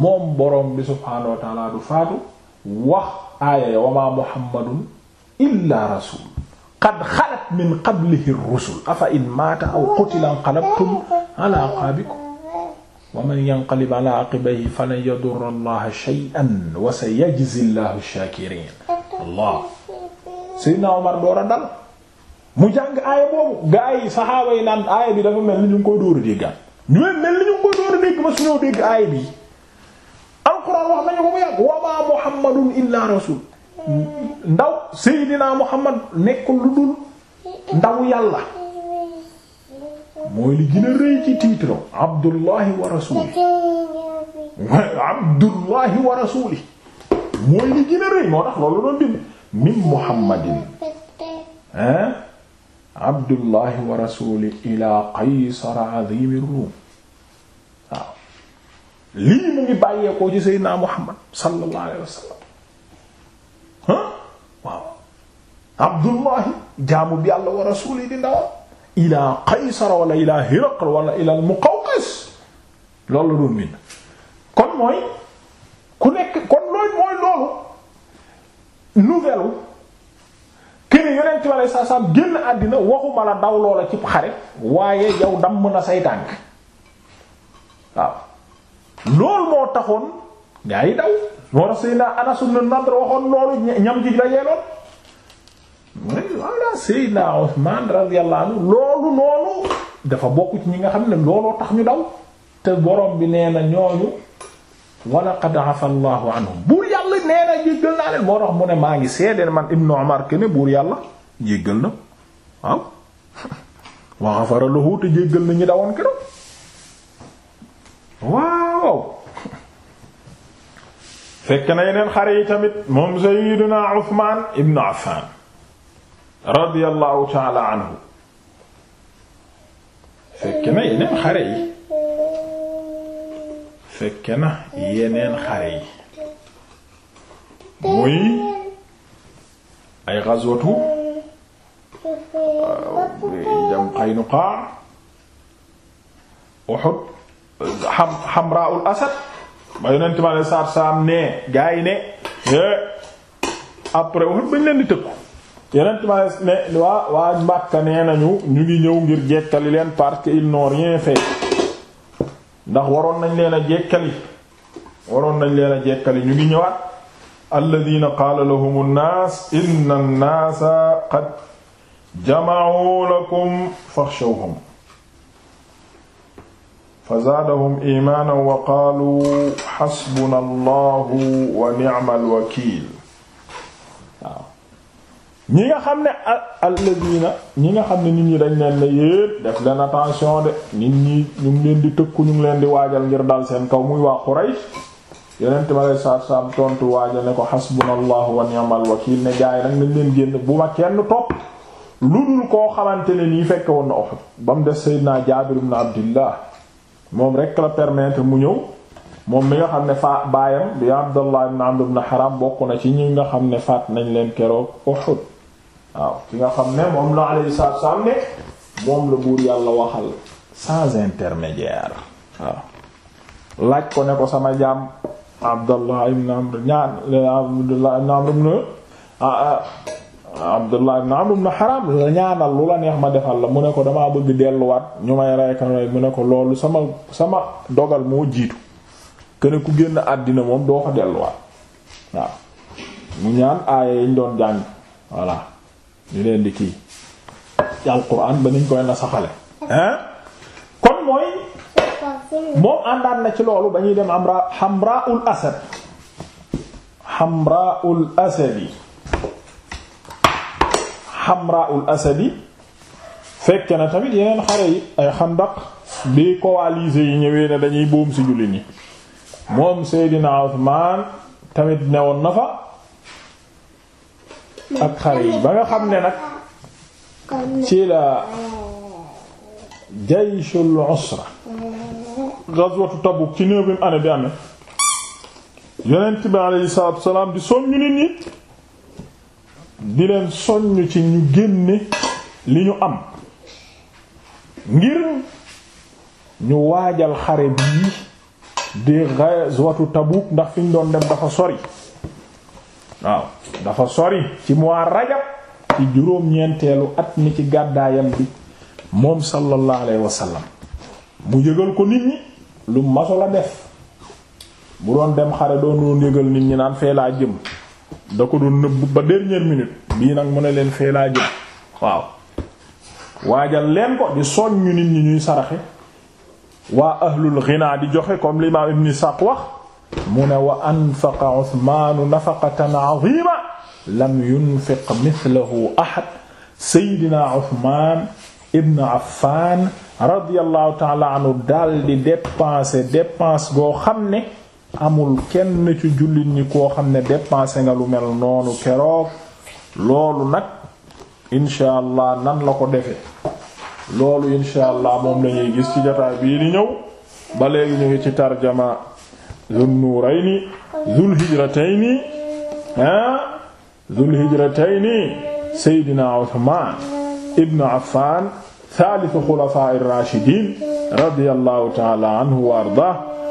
moom boroom bi subhaanahu wa taala du faatu wax aaya ya wamaa muhammadun illa rasul qad xalat min qablihi rusul afa in maata aw qutila inqalabtum ala aqaabikum wa man yanqalib ala aqibayhi falan yadurra allaha shay'an wa sayajzi llahu shakirin allah sayyidina Umar door a dal mu jàng aaya boobu gaa yi saxaaba yi naan aaya bi dafa mel ni ñu ngi koy dóor a déggaat ñooy mel ni ñu ngi koy dégg ba suñoo dégg aay bi alxuraan wax nañu ko mu yàgg wa ma muhammadun illa ndaw seydinaa muhammad nekkul lu dul ndaw yàlla mooy li gën a rëy ci titre abdullahi wa rasuli mooy li gën a rëy moo tax loolu doon dim min muhammadin hein abdullahi wa rasuli ila qaysar azimi ruum waaw lii mu ngi bàyyeekoo ci seydinaa muhammad sallallahu alayhi wa sallam waaw abdullahi jaamu bi yàlla wa rasuli di ndawam ila qaysar wala ila hiraql wala ila muqawqis loolu la doon bind kon mooy ku nekk kon looy mooy loolu nouvelle yonent bi saa génn àddina waxuma la daw loola cib xare waaye yow damm na say tànk waaw loolu moo taxoon gaa yi daw moo tax Seydina Anas ibn Nadr waxoon loolu ñam ji la yeeloon mooy voilà Seydina Usmaan radiyallahu anhu loolu dafa bokk ñi nga xam ne looloo tax ñu daw te borom bi nee na ñooñu wa laqad afa Allahu anhum buur yàlla nee na jéggal naa leen moo tax mu ne maa ngi seedeen man Ibnu Umar kene buur yàlla jéggal na waaw wa ghafara lahu te jéggal na ñi dawoon keroog waaw fekk na yeneen xare yi tamit moom sayyiduna Uthman ibn Affan radiyallahu ta'ala anhu fekk na yeneen xare yi fekk na yeneen xare yi muy ay ghazwatu jam Qaynuqa Uhud xam Hamraul Asad ba yonent mi aleyhi salaatu salaam ne gaa ne après Uhud bañ leen di tëkku yonent mi aleyhi ne waa waa Makka nee nañu ñu ngi ñëw ngir jekkali leen parce qu'ils n'ont rien fait ndax waroon nañ leen a jekkali nañ leen a jekkali ñu ngi ñëwaat alladina qaala lahum nnaas inna nnaasa qad jama'u lakum faxshawhum fa zaadahum imaanan wa qaalu xasbuna allahu wa ni'mal wakiil waaw ñi nga xam ne alladina ñi nga xam ne nit ñi dañ leen ne yépp def leen attention de nit ñi ñu leen di tëkku ñu ngi leen di waajal ngir dal seen kaw muy waa Quraysh yeneen ma lay saab saab tontu waajal ne ko xasbuna allahu wa ni'mal wakiil ne gaay nag nañ leen génn bu ma kenn topp lu dul koo xamante ne nii fekke woon na ba mu des Seydina Jaabir ibn Abdillah moom rek la permettre mu ñëw moom mi nga xam ne faat baayam bi Abdallah ibn Amr ibn Haram bokk na ci ñi nga xam ne faat nañ leen keroog Uhud waaw ki nga xam ne moom la alayhi salaatu wassalaam ne moom la buur yàlla waxal sans intermédiaire waaw laaj ko ne ko sama jaam Abdallah ibn Amr ñaan Abdallah ibn Amr ah, ah, Abdullah ibn Amr ibn Haram la ñaanal lu la neex ma defal la mu ne ko damaa bëgg delluwaat ñu may reykanray mu ne ko loolu sama sama dogal moo jiitu kene ku génn àddina moom doo ko delluwaat waaw mu ñaan aaya yi ñu doon jàng voilà ñu leen di kii ci alquran ba niñ koy nasaxale hein kon mooy moom àndaan na ci loolu ba ñuy dem amra hamraul asad hamraul yi Hamra'ul Asadi fekk na tamit yeneen xare yi ay xandaq bi coalisés yi ñëwee ne dañuy boom ci jullit ñi moom Seydina Usmaan tamit newoon na fa ak xare yi ba nga xam ne nag ci la jayshul usra ghazwatu Tabuk ci neuvième année bi amee yonent bi alayhi salaatu salaam di soññu nit di leen soññ ci ñu génne li ñu am ngir ñu waajal xare bii di ghazwatu Tabuk ndax fi ñu doon dem dafa sori waaw dafa sori ci mois rajab ci juróom-ñeenteelu at mi ci gàddaayam bi moom sallallahu alayhi wa sallam mu yëgal ko nit ñi lu maso la def bu doon dem xare doon doon yëgal nit ñi naan fee laa jëm da ko doon nëbb ba dernière minute bii nag mu ne leen fee laa jëm waaw waajal leen ko di soññu nit ñi ñuy saraxe waa ahlul ghina di joxe comme l'imam ibn Isxaaq wax mu ne wa anfaqa Usmaanu nafaqatan azima lam yunfiq mithlahu ahad seydina Usmaan ibn Affaan radiyallahu taala anhu daal di dépenser dépense goo xam ne amul kenn ci jullit ñi koo xam ne dépensé nga lu mel noonu keroog loolu nag incha allah nan la ko defe loolu incha allah moom lañuy gis ci jotaay bii di ñëw ba léegi ñu ngi ci tarjama zul nuurayni zul hijratayni ah zul hijratayni seydina uthman ibnu affan thalithu xulafaa ir-rashidin radiyallahu ta'ala anhu wa arda